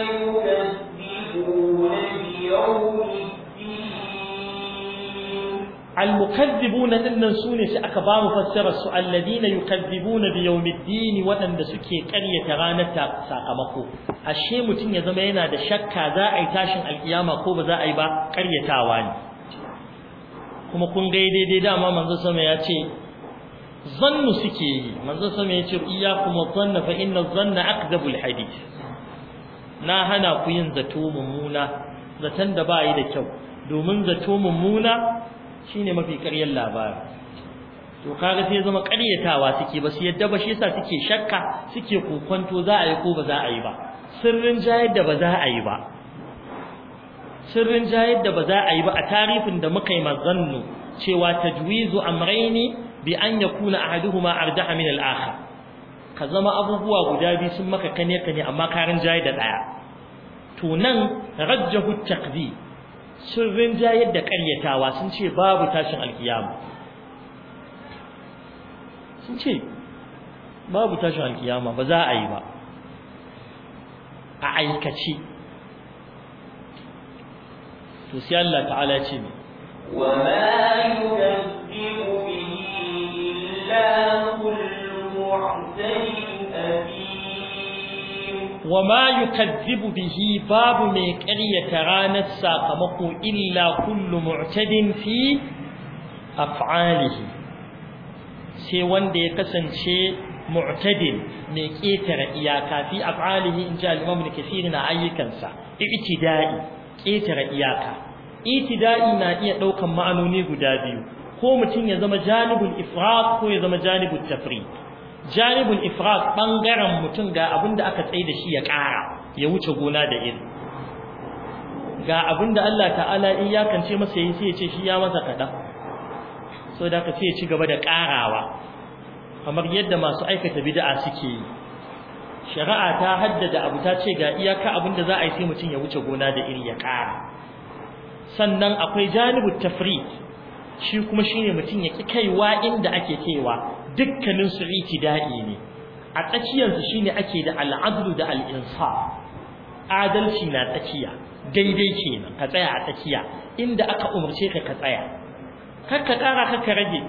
B: المكذبون
A: دنن سوني سي aka ba mu fassara su alladina yukazzibuna bi yawmiddin wadanda suke ƙaryata ranar ta sakamako ashe mutun ya zama yana da shakka za a yi tashin alkiyama ko ba za a yi ba ƙaryatawa ne kuma kun ga daidai dama manzo sama ya ce zannu suke yi manzo sama ya ce iyyakum adh fa inna adh-dhanna hadith na hana ku yin zato mummuna zaton da ba yi da kyau domin zato mummuna shine mafi ƙaryar labari to kaga sai zama ƙaryatawa suke ba su yadda ba shi yasa suke shakka suke kokonto za a yi ko ba za a yi ba sirrin jayar da ba za a yi ba sirrin jayar da ba za a yi ba a tarifin da muka yi mazannu cewa tajwizu amraini bi an yakuna ahaduhuma arjaha min al-akhar ka zama abubuwa guda biyu sun maka kane kane amma karin jayi da daya to nan
C: rajjahu
A: taqdi sun rinjayar yadda ƙaryatawa sun ce babu tashin alkiyama sun ce babu tashin alkiyama ba za a yi ba a aikace to sai Allah ta'ala ce ne وما يكذب به باب من قرية رانا الساقمه إلا كل معتد في أفعاله سي وندي قسن شي معتد من كيتر إياكا في أفعاله إن جاء الإمام كثير عيكا سا اعتدائي كيتر إياكا itida'i na iya ɗaukan ma'anoni guda biyu ko mutum ya zama janibul ifrat ko ya zama janibul tafri janibul ifrat bangaren mutum ga abin da aka tsaye da shi ya ƙara ya wuce gona da iri ga abin Allah ta'ala in ya kance masa sai ya ce shi ya masa kaɗan so da ka ce ya ci gaba da ƙarawa kamar yadda masu aikata bid'a suke yi shari'a ta haddada abu ta ce ga iyaka abinda za a yi sai mutum ya wuce gona da iri ya kara sannan akwai janibu tafrid shi kuma shine mutum ya ki kaiwa inda ake kaiwa dukkanin su daɗi ne a tsakiyar su shine ake da al'adlu da al'insa adalci na tsakiya daidai kenan ka tsaya a tsakiya inda aka umarce ka ka tsaya kar ka kara kar ka rage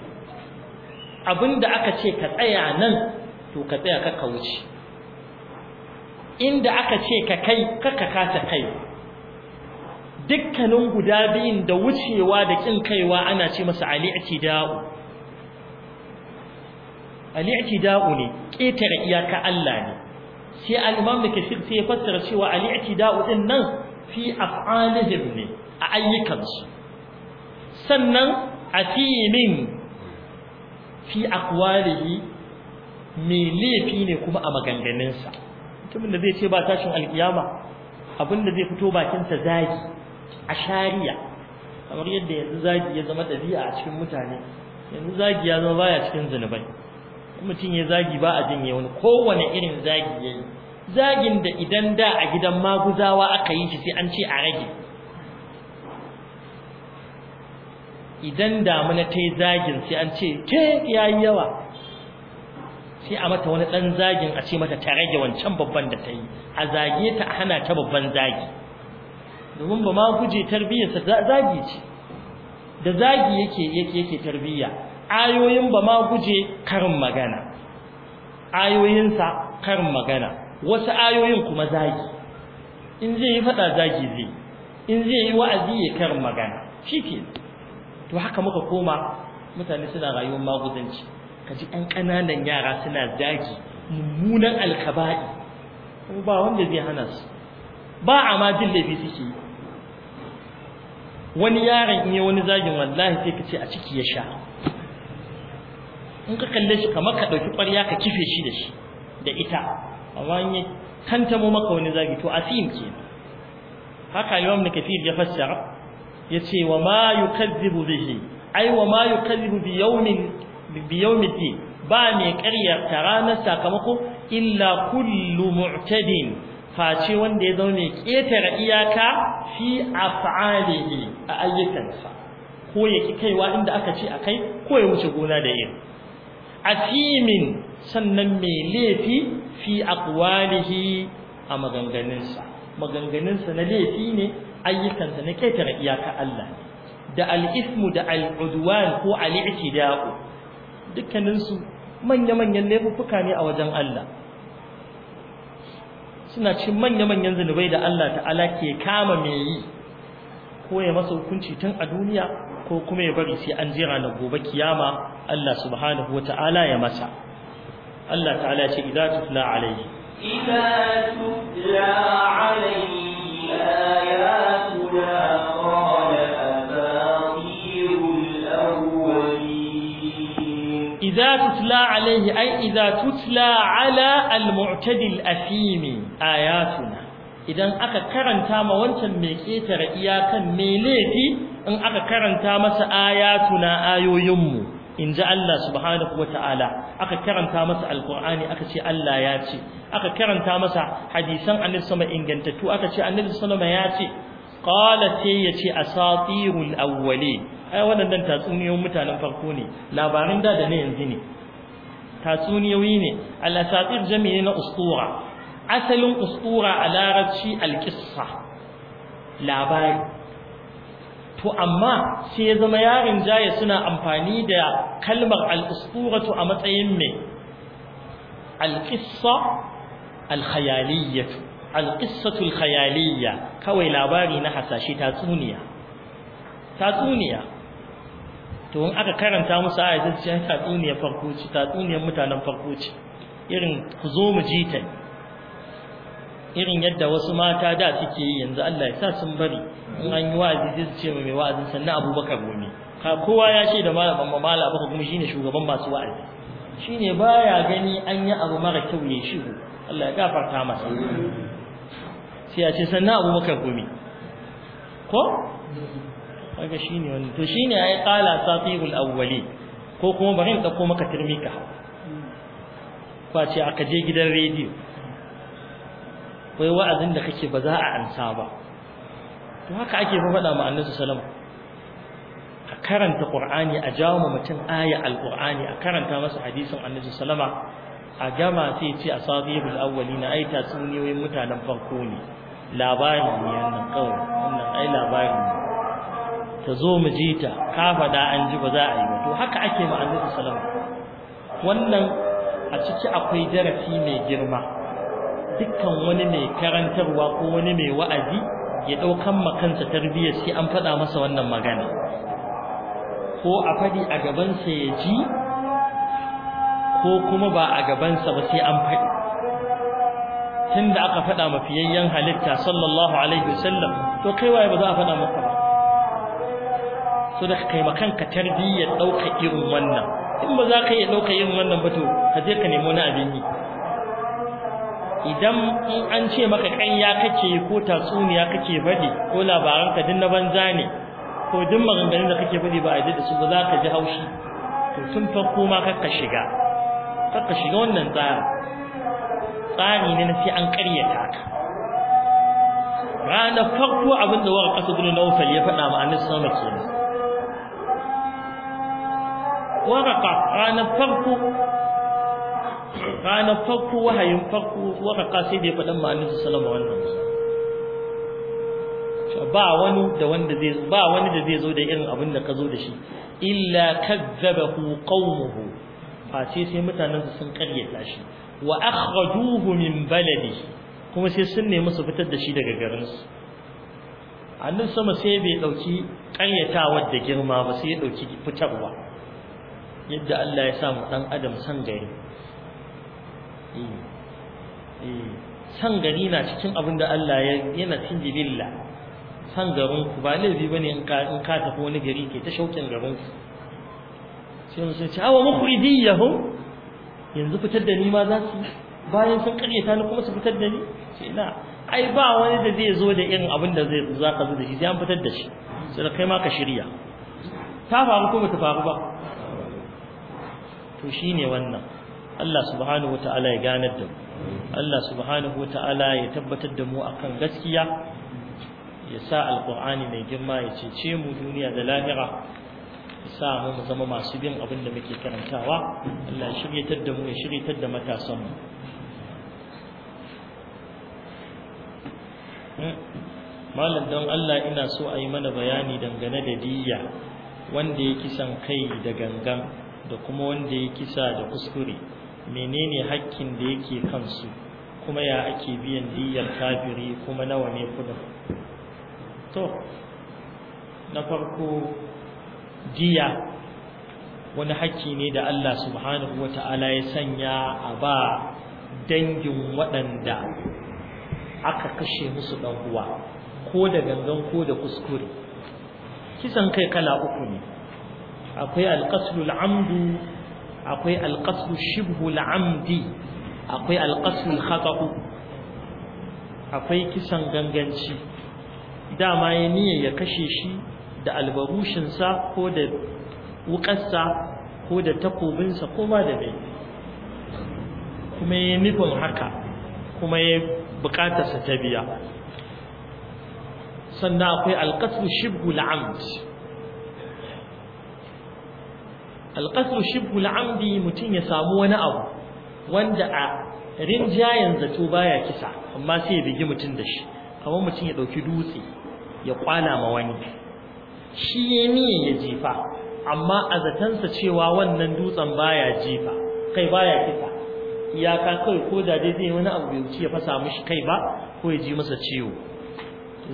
A: abinda aka ce ka tsaya nan to ka tsaya kar ka wuce inda aka ce ka kai kar ka kasa kai dukkanin guda biyun da wucewa da kin kaiwa ana ce masa al-i'tida'u al ne ƙetare iyaka Allah ne sai al-imam Kathir sai ya fassara cewa al-i'tida'u din nan fi af'alihim ne a ayyukansu sannan asimin fi aqwalihi me laifi ne kuma a maganganunsa mutumin da zai ce ba tashin alkiyama abinda zai fito bakinsa zagi A shariya, kamar yadda yanzu zagi ya zama ɗabi'a a cikin mutane yanzu zagi ya zama baya cikin zunubai mutum ya zagi ba a jin wani kowane irin zagi ya yi zagin da idan da a gidan maguzawa aka yi shi sai an ce a rage idan damuna ta yi zagin sai an ce ke ya yi yawa sai a mata wani ɗan zagin a ce mata ta rage wancan babban da ta yi a zage ta hana ta babban zagi domin ba ma guje tarbiyyarsa zagi ce da zagi yake yake tarbiyya ayoyin ba ma guje karin magana ayoyinsa karin magana wasu ayoyin kuma zagi in zai yi fada zagi zai in zai yi wa'azi ya karin magana ke to haka muka koma mutane suna rayuwar maguzanci kaji ɗan ƙananan yara suna zagi mummunan alkaba'i ba wanda zai hana su ba a ma jin laifi suke yi wani yaron in yi wani zagin wallahi sai ka ce a ciki ya sha in ka kalle shi kamar ka ɗauki ƙwarya ka kife shi da shi da ita amma in yi kantamo maka wani zagi to asim ke haka imam na kafir ya fassara ya ce wa ma yukazzibu bihi ai wa ma yukazzibu bi ba mai ƙaryata ranar sakamako illa kullu mu'tadin face wanda ya zaune ƙetare iyaka fi af'alihi a ayyukansa ko ya ki kaiwa inda aka ce kai, ko ya wuce gona da yin asimin sannan mai laifi fi aqwalihi a maganganunsa maganganunsa na laifi ne ayyukansa na ƙetare iyaka Allah da al da al-udwan ko da itidau dukkaninsu manya-manyan laifuffuka ne a wajen Allah suna cin manya-manyan zunubai da Allah ta'ala ke kama mai yi ko ya masa hukunci tun a duniya ko kuma ya bari sai an jira na gobe kiyama Allah subhanahu wa ta'ala ya masa Allah ta'ala ce idza tutla alayhi
B: idza tutla alayhi ayatuna qala Iza
A: tutla alaihi ai idza tutla ala al-mu'tadil asimi ayatuna idan aka karanta ma wancan mai ketare iyakan mai laifi in aka karanta masa ayatuna ayoyinmu in ji Allah subhanahu wa ta'ala aka karanta masa alkur'ani aka ce Allah ya ce aka karanta masa hadisan annabi sama ingantattu aka ce annabi sallama ya ce ya ce ai waɗannan tatsuniyoyin mutanen farko ne labarin da da ne yanzu ne tatsuniyoyi ne al-asatir jami'i na ustura asalin ustura a larabci al-qissa labari to amma sai ya zama yarin jaye suna amfani da kalmar al-usturatu a matsayin me al-qissa al-khayaliyyah al-qissatu al-khayaliyyah kawai labari na hasashe tatsuniya tatsuniya to in aka karanta musu aya ta ce tatsuniyar farko ce tatsuniyar mutanen farko ce irin ku zo mu ji ta irin yadda wasu mata da suke yi yanzu Allah ya sa sun bari in an yi wa'azi zai ce mai wa'azin sannan Abubakar gome ka kowa ya ce da malamin mamala Abubakar kuma shine shugaban masu wa'azi shine baya gani an yi abu mara kyau ya shigo Allah ya gafarta masa sai ya ce sannan Abubakar gome ko kaga shine wannan to shine ai qala safihul awwali ko kuma bari in dauko maka tirmi ka kwace aka je gidan rediyo wai wa'azin da kake ba za a ansa ba to haka ake faɗa ma annabi sallallahu a karanta qur'ani a jawo mutum aya alqur'ani a karanta masa hadisin annabi sallama a gama sai ce asabihul na ai tatsuniyoyin mutanen farko ne labari ne wannan kawai wannan ai labarin ne ta zo mu ji ta ka faɗa an ji ba za a yi ba to haka ake ma annabi sallallahu wannan a ciki akwai darasi mai girma dukkan wani mai karantarwa ko wani mai wa'azi ya ɗaukan makansa tarbiyyar sai an faɗa masa wannan magana ko a faɗi a gabansa ya ji ko kuma ba a gabansa ba sai an faɗi tunda aka faɗa mafiyayyen halitta sallallahu alaihi wasallam to kai waye ba za a faɗa maka ba so da kai kanka tarbiyyar dauka irin wannan in ba za ka iya ɗauka irin wannan ba to ka je ka nemo na abin yi idan an ce maka ƙanya kake ko tatsuniya kake bade ko labaranka duk na banza ne ko duk maganganun da kake faɗi ba a ji da su ba za ka ji haushi to tun farko ma kakka shiga kakka shiga wannan tsari
C: tsari ne na sai an
A: ƙaryata ka
C: ranar farko abin da wara ƙasa gudu na
A: ya faɗa ma annabi sama
C: kenan
B: waraka ranar farko ranar
D: farko
A: wahayin farko waraka sai da ya faɗan ma'anin salama wannan ba wani da wanda zai ba wani da zai zo da irin abin da ka zo da shi illa kazzabahu qaumuhu face sai mutanen su sun karyata tashi. wa akhrajuhu min baladi kuma sai sun nemi su fitar da shi daga garin su annabi sama sai bai dauki karyatawar da girma ba sai ya dauki fitarwa yadda Allah ya sa mu adam san gari eh, eh, san gari na cikin abin da Allah ya yana cin jibilla san garin ku ba laifi bane in ka in ka tafi wani gari ke ta shaukin garin ku sai mun ce awa mukhrijiyahum yanzu fitar da ni ma za su bayan sun karyata ni kuma su fitar da ni sai ina ai ba wani da zai zo da irin abin da zai zaka zo da shi sai an fitar da shi sai kai ma ka shirya
C: ta faru ko bata faru ba
A: to shine wannan Allah subhanahu wataala ya ganar da mu Allah subhanahu wataala ya tabbatar da mu akan gaskiya ya sa alqur'ani mai girma ya cece mu duniya da lahira ya sa mu zama masu bin abin da muke karantawa Allah ya shiryatar da mu ya shiryatar da matasan mu hmm. malam don Allah ina so a yi mana bayani dangane da diyya wanda ya kisan kai da gangan da kuma wanda ya kisa da kuskure menene hakkin da yake kansu kuma ya ake biyan diyar kafiri kuma nawa ne kudin to na farko diya wani hakki ne da Allah subhanahu Ta'ala ya sanya a ba dangin waɗanda aka kashe musu ɗan uwa ko da gangan ko da kuskure kisan kai kala uku ne akwai alƙaslu al'amdu akwai alƙaslu shibhu al'amdi akwai alƙaslu khata'u akwai kisan ganganci dama ya niyya ya kashe shi da albarushinsa ko da wukarsa ko da takobinsa ko ba da bai kuma ya nufin haka kuma ya bukatarsa ta biya sannan akwai alƙaslu shibhu amdi alƙasru shibhul amdi mutum ya samu wani abu wanda a rinjayen zato baya kisa amma sai ya bigi mutum da shi kamar mutum ya ɗauki dutse ya kwana ma wani shi ya niyan ya jefa amma a zatansa cewa wannan dutsen baya jefa kai baya kisa iyaka kawai ko da dai zai wani abu bai wuce ya fasa mishi kai ba ko ya ji masa ciwo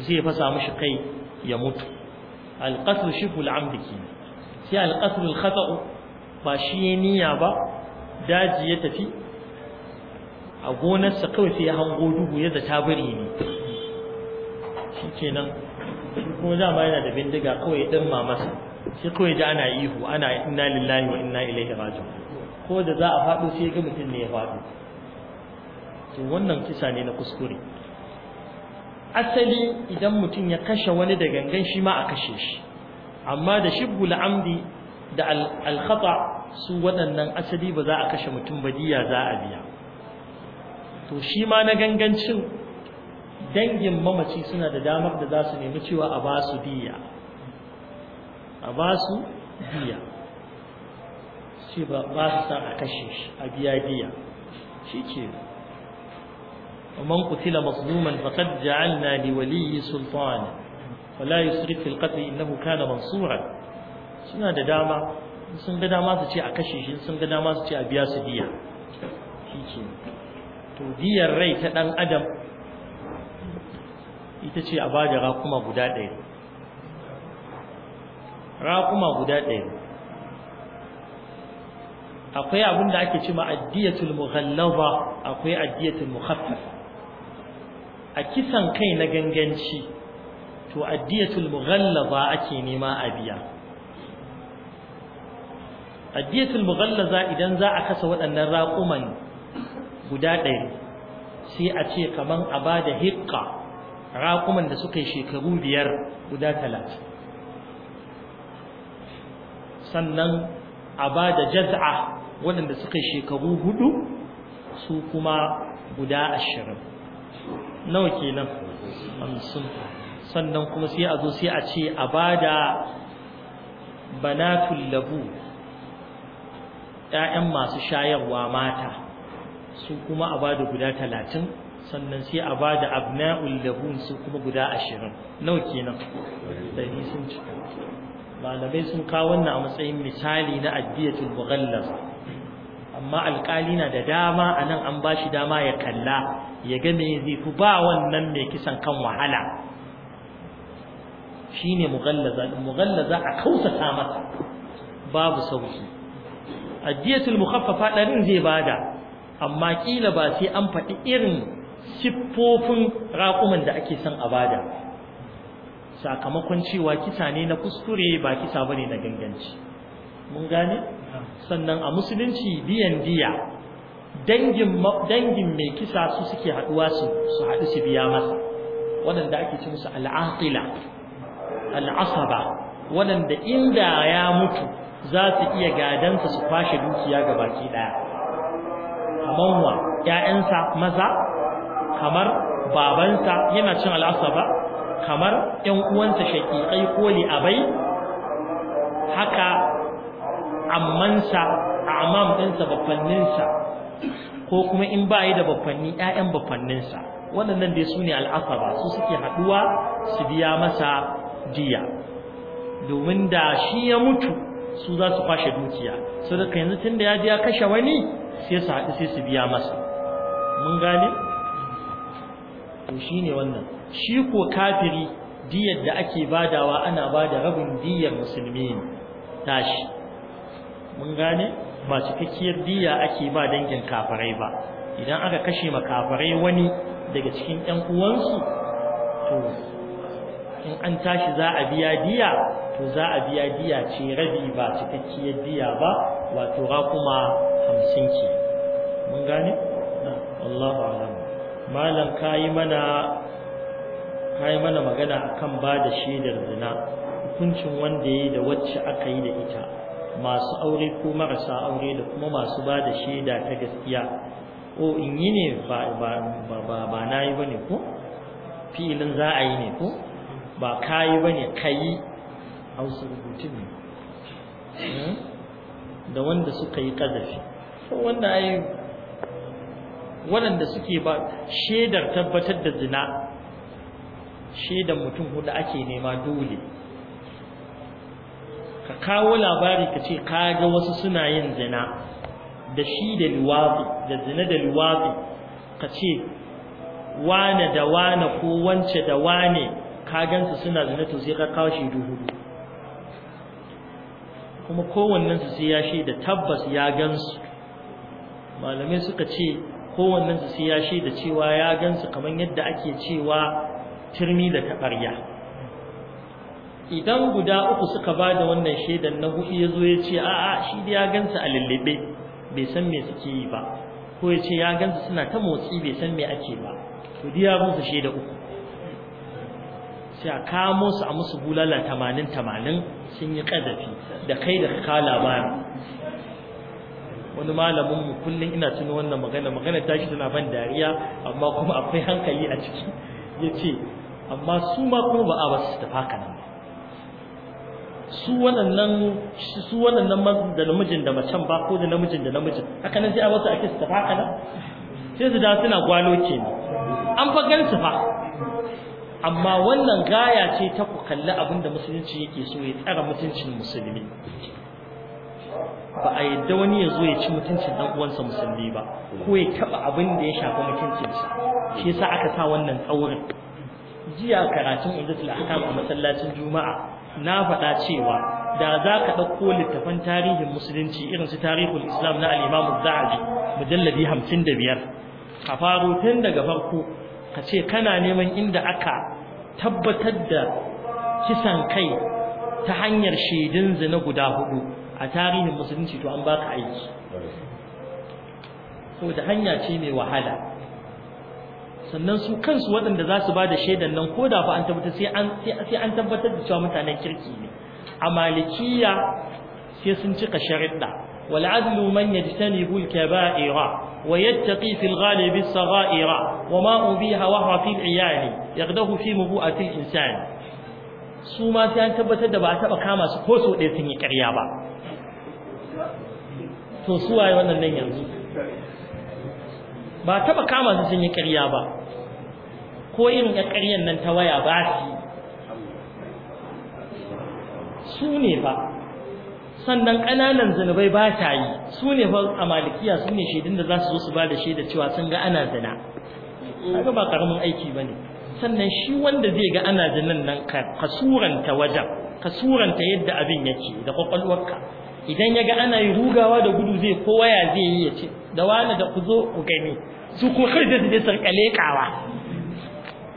A: zai fasa mishi kai ya mutu alqatl shibhul amdi kenan sai alqatl alkhata ba shi ya niyya ba daji ya tafi a gonarsa kawai sai ya hango dubu, ya zata bari ne shi kenan shi kuma dama yana da bindiga kawai ɗin mamasa sai kawai da ana ihu ana inna lillahi wa inna ilaihi raji'un ko da za a faɗo sai ga mutum ne ya faɗo to wannan kisa ne na kuskure asali idan mutum ya kashe wani da gangan shi ma a kashe shi amma da shibbul amdi da al-khata su waɗannan asali ba za a kashe mutum ba diya za a biya to shi ma na gangancin dangin mamaci suna da damar da za su nemi cewa a ba su diya a ba su diya shi ba su san a kashe shi a biya diya shi ke ومن قتل مظلوما فقد جعلنا لولي سلطانا ولا يسرف في القتل إنه كان منصورا suna da dama sun ga dama su ce a kashe shi sun ga dama su ce a biya su diya shi to diyar rai ta ɗan adam ita ce a bada rakuma guda ɗaya rakuma guda ɗaya akwai abin da ake cima addiyatul muhallaba akwai addiyatul mukhaffafa a kisan kai na ganganci to addiyatul muhallaba ake nema a biya addiyatul mughallaza idan za a kasa waɗannan raƙuman guda ɗaya sai a ce kaman a ba da hiqqa raƙuman da suka yi shekaru biyar guda talatin sannan a ba da jaz'a waɗanda suka yi shekaru hudu su kuma guda ashirin nawa kenan hamsin sannan kuma sai a zo sai a ce a ba da banatul labu 'ya'yan masu shayarwa mata su kuma a da guda talatin sannan sai a bada abna'ul lahun su kuma guda ashirin nawa kenan dari sun cika. malamai sun kawo wannan a matsayin misali na addiyatul mughallaz amma alƙali na da dama a nan an bashi dama ya kalla ya ga me zai fi ba wannan mai kisan kan wahala shine mughallaza mughallaza a kausata mata babu sauki addiyatul mukhaffafa ɗarin zai bada amma kila ba sai an faɗi irin siffofin raƙuman da ake son a bada sakamakon cewa kisa ne na kuskure ba kisa bane na ganganci mun gane sannan a musulunci biyan diya dangin dangin mai kisa su suke haɗuwa su su haɗu su biya masa waɗanda ake ce musu al'aqila al'asaba waɗanda inda ya mutu za su iya gadansa su kwashe dukiya ga baki ɗaya kamar wa ‘ya'yansa maza kamar babansa yana cin al'asa ba kamar ‘yan uwansa shaƙiƙai koli abai. haka ammansa a amam ɗinsa bafanninsa ko kuma in ba yi da bafanni ‘ya'yan bafanninsa waɗannan dai su ne al'asa ba su suke haɗuwa su biya masa diya domin da shi ya mutu su za su kwashe dukiya so da yanzu tunda ya je ya kashe wani sai su haɗu sai su biya masa mun gane to shine wannan shi ko kafiri diyar da ake badawa ana bada rabin diyar musulmi ne tashi mun gane ba cikakkiyar diya ake ba dangin kafirai ba idan aka kashe ma kafirai wani daga cikin ƴan uwansu to in an tashi za a biya diya to za a biya diya ce rabi ba cikakkiyar diya ba wato kuma hamsin ke mun gane Allahu alam malam kayi mana kayi mana magana akan ba da shaidar zina hukuncin wanda yayi da wacce aka yi da ita masu aure ko marasa aure da kuma masu ba da shaida ta gaskiya o in yi ne ba na yi bane ko filin za a yi ne ko ba kayi bane kai. hausa rubutun ne hmm? da wanda suka yi ko wanda ai waɗanda suke ba shaidar tabbatar da zina shaidar mutum hudu ake nema dole ka kawo labari ka ce kaga wasu suna yin zina da shi da luwafi da zina da luwafi ka ce wane da wane ko wance da wane ka gansu suna zina to sai ka kawo duhu hudu kuma kowannensu sai ya shaida tabbas ya gansu malamai suka ce kowannensu sai ya shaida cewa ya gansu kamar yadda ake cewa turmi da kabarya idan guda uku suka ba da wannan shaidan na hudu ya zo ya ce a'a shi da ya gansu a lullube bai san me suke yi ba ko ya ce ya gansu suna ta motsi bai san me ake ba to diya musu shaida uku sai a kamo su a musu bulala tamanin tamanin sun yi ƙazafi da kai da ka labarin wani malamin mu kullum ina tuni wannan magana magana ta shi tana ban dariya amma kuma akwai hankali a ciki ya ce amma su ma kuma ba a ba su tafa ka nan su waɗannan su waɗannan da namijin da macen ba ko da namijin da namijin haka nan sai a wasu ake su tafa ka nan sai su da suna gwalo ke an fa gan su fa
C: amma wannan gaya ce
A: ta ku kalli abin da musulunci yake so ya tsara mutuncin musulmi
C: ba a yadda wani ya zo ya ci mutuncin dan
A: uwansa musulmi ba ko ya taba abin da ya shafi mutuncin. shi yasa aka sa wannan tsaurin jiya karatun umdatul ahkam a masallacin juma'a na faɗa cewa da za ka ɗauko littafan tarihin musulunci irin su tarihul islam na al-imam az-zahabi mujalladi 55 a faro tun daga farko ka ce kana neman inda aka tabbatar da kisan kai ta hanyar shaidun zina guda hudu a tarihin musulunci to an baka aiki da hanya ce mai wahala sannan su kansu waɗanda za su ba da shaidan nan ko da ba an tabbatar sai an tabbatar da cewa mutanen kirki ne a malikiya sai sun cika sharidda wal adlu man yajtanibu al kaba'ira ويتقي في الغالب الصغائر وما أبيها وهو في العيال يغده في مبوءة الإنسان su ma sai tabbatar da ba a taba kama su ko su sun yi ba to su waye wannan nan yanzu ba a taba kama su sun yi ƙarya ba ko irin ƙaryan nan ta waya ba su ne ba sannan ƙananan zunubai ba ta yi su ne fa a malikiya su ne shaidun da za su zo su ba da shaida cewa sun ga ana zina kaga ba karamin aiki bane sannan shi wanda zai ga ana zinan nan ka kasuranta wajen kasuranta yadda abin yake da kwakwalwarka idan ya ga ana yi rugawa da gudu zai ko waya zai yi ya ce da wani da ku zo ku gani su kuma kai da su je sarƙa ƙawa,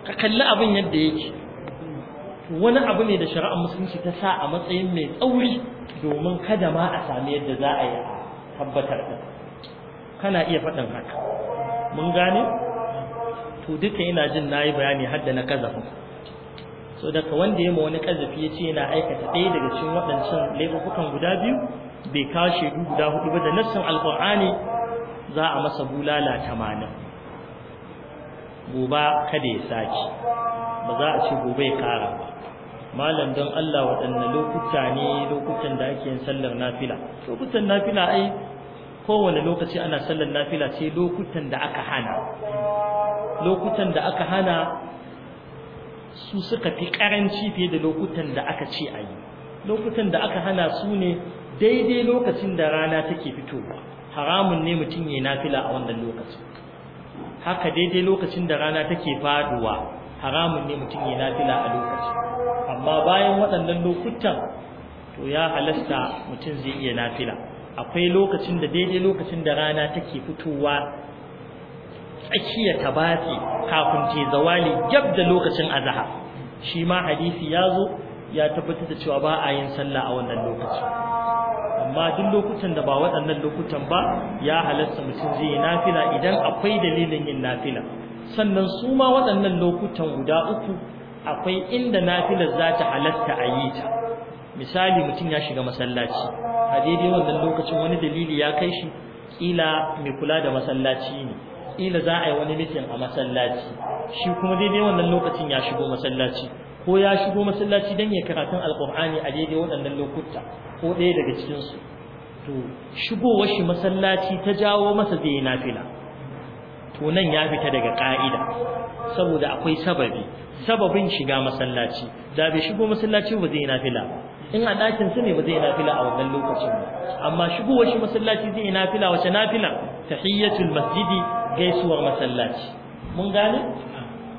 A: ka kalli abin yadda yake wani abu ne da shari'ar musulunci ta sa a matsayin mai tsauri domin kada ma a sami yadda za a yi a tabbatar da kana iya faɗin haka mun gane
C: to duka ina jin
A: na yi bayani har da na kazafin so daga wanda ya ma wani kazafi ya ce yana aikata ɗaya daga cikin waɗancan laifukan guda biyu bai kawo shaidu guda hudu ba da nassin alƙur'ani za a masa bulala tamanin gobe kada ya saki ba za a ce gobe ya kara ba malam don Allah waɗanne lokuta ne lokutan da ake yin sallar nafila lokutan nafila ai kowane lokaci ana sallar nafila ce lokutan da aka hana lokutan da aka hana su suka fi karanci fiye da lokutan da aka ce a yi lokutan da aka hana su ne daidai lokacin da rana take fitowa haramun ne mutum ya nafila a wannan lokacin haka daidai lokacin da rana take faduwa haramun ne mutum ya nafila a lokacin. amma bayan waɗannan lokutan to ya halasta mutum zai iya nafila akwai lokacin da daidai lokacin da rana take fitowa tsakiya ta batse kafin ce zawali gab da lokacin azaha shi ma hadisi ya zo ya tabbatar da cewa ba a yin sallah a wannan lokacin. amma duk lokutan da ba waɗannan lokutan ba ya halatta mutum zai yi nafila idan akwai dalilin yin nafila sannan su ma waɗannan lokutan guda uku akwai inda nafilar za ta halatta a yi ta misali mutum ya shiga masallaci a daidai wannan lokacin wani dalili ya kai shi kila mai kula da masallaci ne kila za a yi wani mitin a masallaci shi kuma daidai wannan lokacin ya shigo masallaci ko ya shigo masallaci dan ya karatun alqur'ani a daidai waɗannan lokuta ko ɗaya daga cikin su to shigowar shi masallaci ta jawo masa zai yi nafila to nan ya fita daga ka'ida saboda akwai sababi sababin shiga masallaci da bai shigo masallaci ba zai yi nafila in a ɗakin su ne ba zai yi nafila a wannan lokacin ba amma shigowar shi masallaci zai yi nafila wace nafila tahiyyatul masjidi gaisuwar masallaci mun gane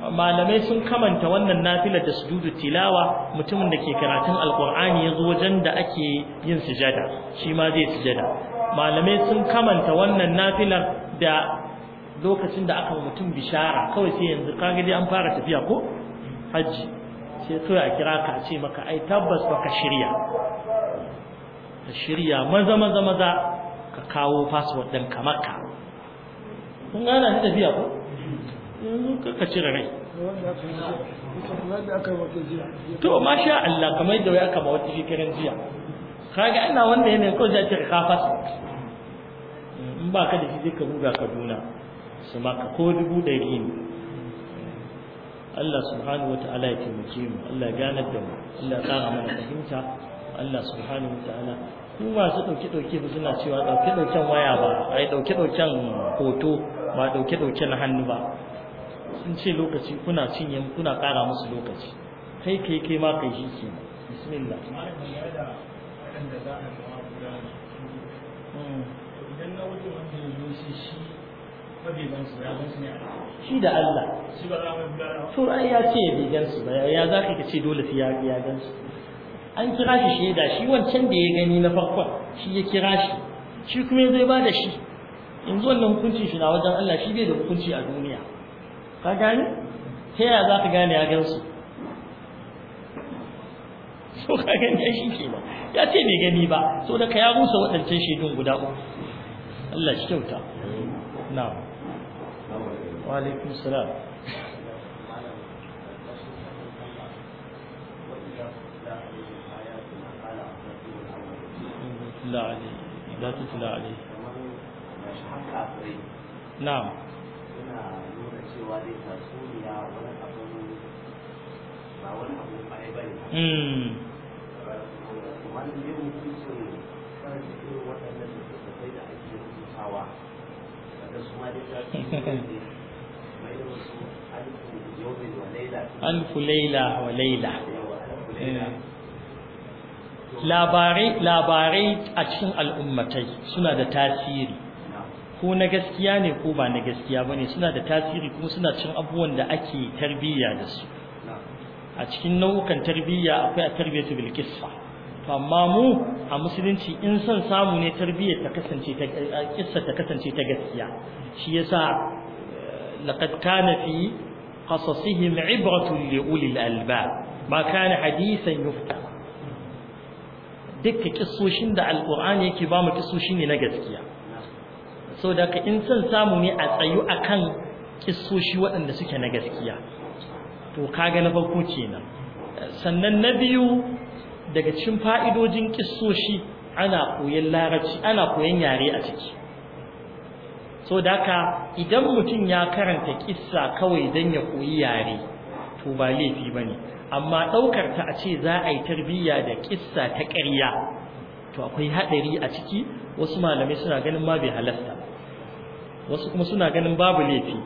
A: malamai sun kamanta wannan nafilar da sujudu tilawa mutumin da ke karatun alkur'ani ya wajen da ake yin sujada shi ma zai sujada malamai sun kamanta wannan nafilar da lokacin da aka mutum bishara kawai sai yanzu ka dai an fara tafiya ko hajji sai to a kira ka ce maka ai tabbas baka shirya ka shirya maza maza maza ka kawo password ɗin ka maka
C: kun gana tafiya ko yanzu kaka cire rai to masha Allah kamar yadda ya
A: kama wata shekaran jiya kaga ana wanda yanayin kawai za ta kafas in ba ka da shi zai ka buga kaduna su maka ko dubu ɗari ne Allah subhanahu wa ta'ala ya taimake mu Allah ya ganar da mu Allah ya ƙara mana fahimta Allah subhanahu wa ta'ala mu masu ɗauke-ɗauke ba suna cewa dauke ɗauken waya ba ai dauke ɗauken hoto ba dauke ɗauken hannu ba sun ce lokaci kuna cinye kuna ƙara musu lokaci kai kai kai ma kai shi ke
C: bismillah mm. shi da Allah to ai ya ce bai gansu ba ya
A: za ka ce dole sai ya gansu an kira shi da shi wancan da ya gani na farkon shi ya kira shi shi kuma zai ba da shi in wannan hukuncin shi na wajen Allah shi bai da hukunci a duniya ka gani? ta yaya za ka gane ya gansu so ka gani shi kenan ya ce bai gani ba so da ka ya rusa waɗancan shaidun guda uku Allah shi kyauta Na
C: wa salam
B: لا عليه
A: لا تتلى عليه نعم
B: Hmm. alfu
A: wa laila wa laila eh. labarai a cikin al'ummatai suna da tasiri ko na gaskiya ne ko ba na gaskiya ba ne. suna da tasiri kuma suna cin abubuwan da ake tarbiyya da su a cikin nau'ukan tarbiyya akwai a tarbiyatu bil qissa to amma mu a musulunci in son samu ne tarbiyyar ta kasance ta kissa ta kasance ta gaskiya shi yasa eh, laqad kana fi qasasihim ibratun li ulil albab ma kana hadisan yufta dukkan kisoshin da alqur'ani yake ba mu ne na gaskiya so da in son samu ne a tsayu a kan ƙisoshi waɗanda suke na gaskiya to kaga na farko kenan sannan na biyu daga cikin fa'idojin ƙisoshi ana koyon larabci ana koyon yare a ciki so da ka idan mutum ya karanta ƙissa kawai don ya koyi yare to ba laifi ba ne amma ɗaukar ta a ce za a yi tarbiyya da ƙissa ta ƙarya to akwai haɗari a ciki wasu malamai suna ganin ma bai halasta wasu kuma suna ganin babu laifi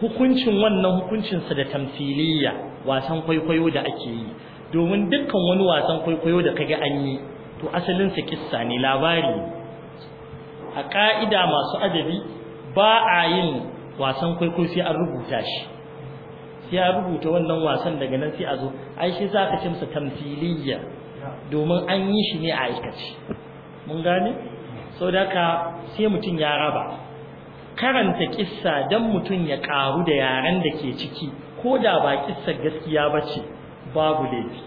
A: hukuncin wannan hukuncinsa da tamfiliya wasan kwaikwayo da ake yi domin dukkan wani wasan kwaikwayo da kage an yi to asalinsa kissa ne labari a ka'ida masu adabi ba a yin wasan kwaikwayo sai an rubuta shi sai a rubuta wannan wasan daga nan sai a zo ai shi za ka ce masa tamfiliya domin an yi shi ne a aikace mun gane sau da ka sai mutum ya raba karanta kissa dan mutum ya karu da yaren da ke ciki ko da ba kissar gaskiya bace babu laifi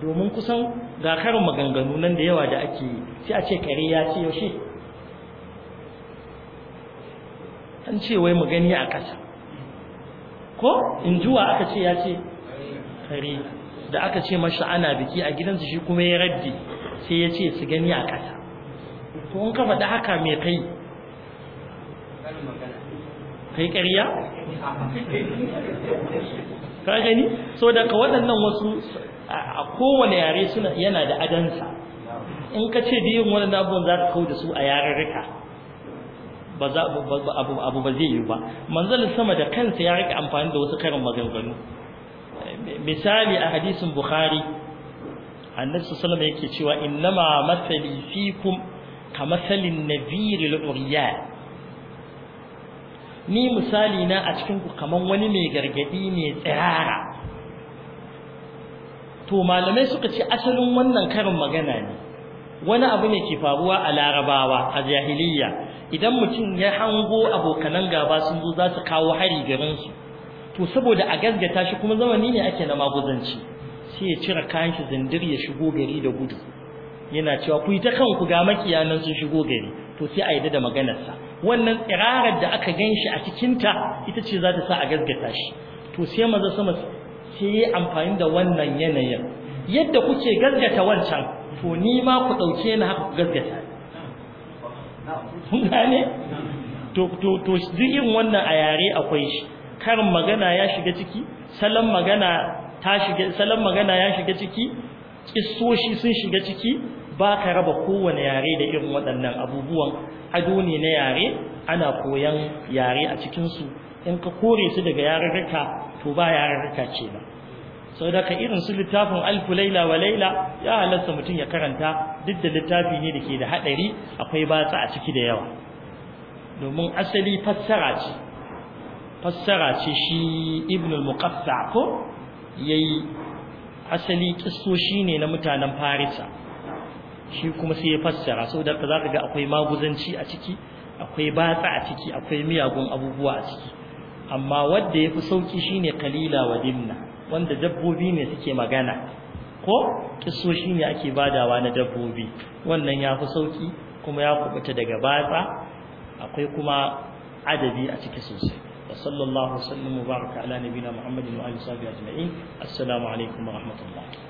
A: domin kusan ga karin maganganu nan da yawa da ake yi sai a ce kare ya ce yaushe an ce wai mu gani a ƙasa
C: ko in juwa aka ce
A: ya ce kare da aka ce masa ana biki a gidansu shi kuma ya raddi sai ya ce su gani a ƙasa to in ka faɗi haka mai kai kai ƙarya ka gani so daga waɗannan wasu a kowane yare suna yana da adansa
C: in ka ce biyun
A: wani abubuwan za ka kau da su a yarurruka ba za abu ba zai yi ba manzalin sama da kansa ya rika amfani da wasu karin maganganu misali a hadisin bukhari annabi sallallahu alaihi yake cewa innama mathali fikum kamasalin nabiril uryan ni misali na a cikin ku kaman wani mai gargadi ne tsirara to malamai suka ce asalin wannan karin magana ne wani abu ne ke faruwa a larabawa a jahiliya idan mutum ya hango abokanan gaba sun zo za su kawo hari garinsu to saboda a gaggata shi kuma zamani ne ake na maguzanci sai ya cire kayan shi zindir ya shigo gari da gudu yana cewa ku yi ta kanku ga makiya sun shigo gari to sai a yi da maganarsa wannan tsirarar da aka gan shi a cikinta ita ce za ta sa a gazgata shi to sai maza sama sai yi amfani da wannan yanayin yadda kuke gazgata wancan to ni ma ku ɗauke ni haka ku gazgata. gane to to to wannan a yare akwai shi karin magana ya shiga ciki salon magana ya shiga ciki kissoshi sun shiga ciki ba ka raba kowane yare da irin waɗannan abubuwan ado ne na yare ana koyan yare a cikinsu in ka kore su daga yarurruka to ba yarurruka ce ba sau da ka irin su littafin alfu laila wa laila ya halatta mutum ya karanta duk da littafi ne da ke da haɗari akwai batsa a ciki da yawa domin asali fassara ce fassara ce shi ibn al-muqaffa ko yayi asali kissoshi ne na mutanen farisa shi kuma sai ya fassara saboda za zaka ga akwai maguzanci a ciki akwai batsa a ciki akwai miyagun abubuwa a ciki amma wanda yafi sauki shine qalila wa dimna wanda dabbobi ne suke magana ko kisoshi ne ake badawa na dabbobi wannan yafi sauki kuma ya kubuta daga batsa akwai kuma adabi a ciki sosai wa baraka ala nabiyina muhammadin wa alihi wa sahbihi ajma'in assalamu alaikum wa rahmatullahi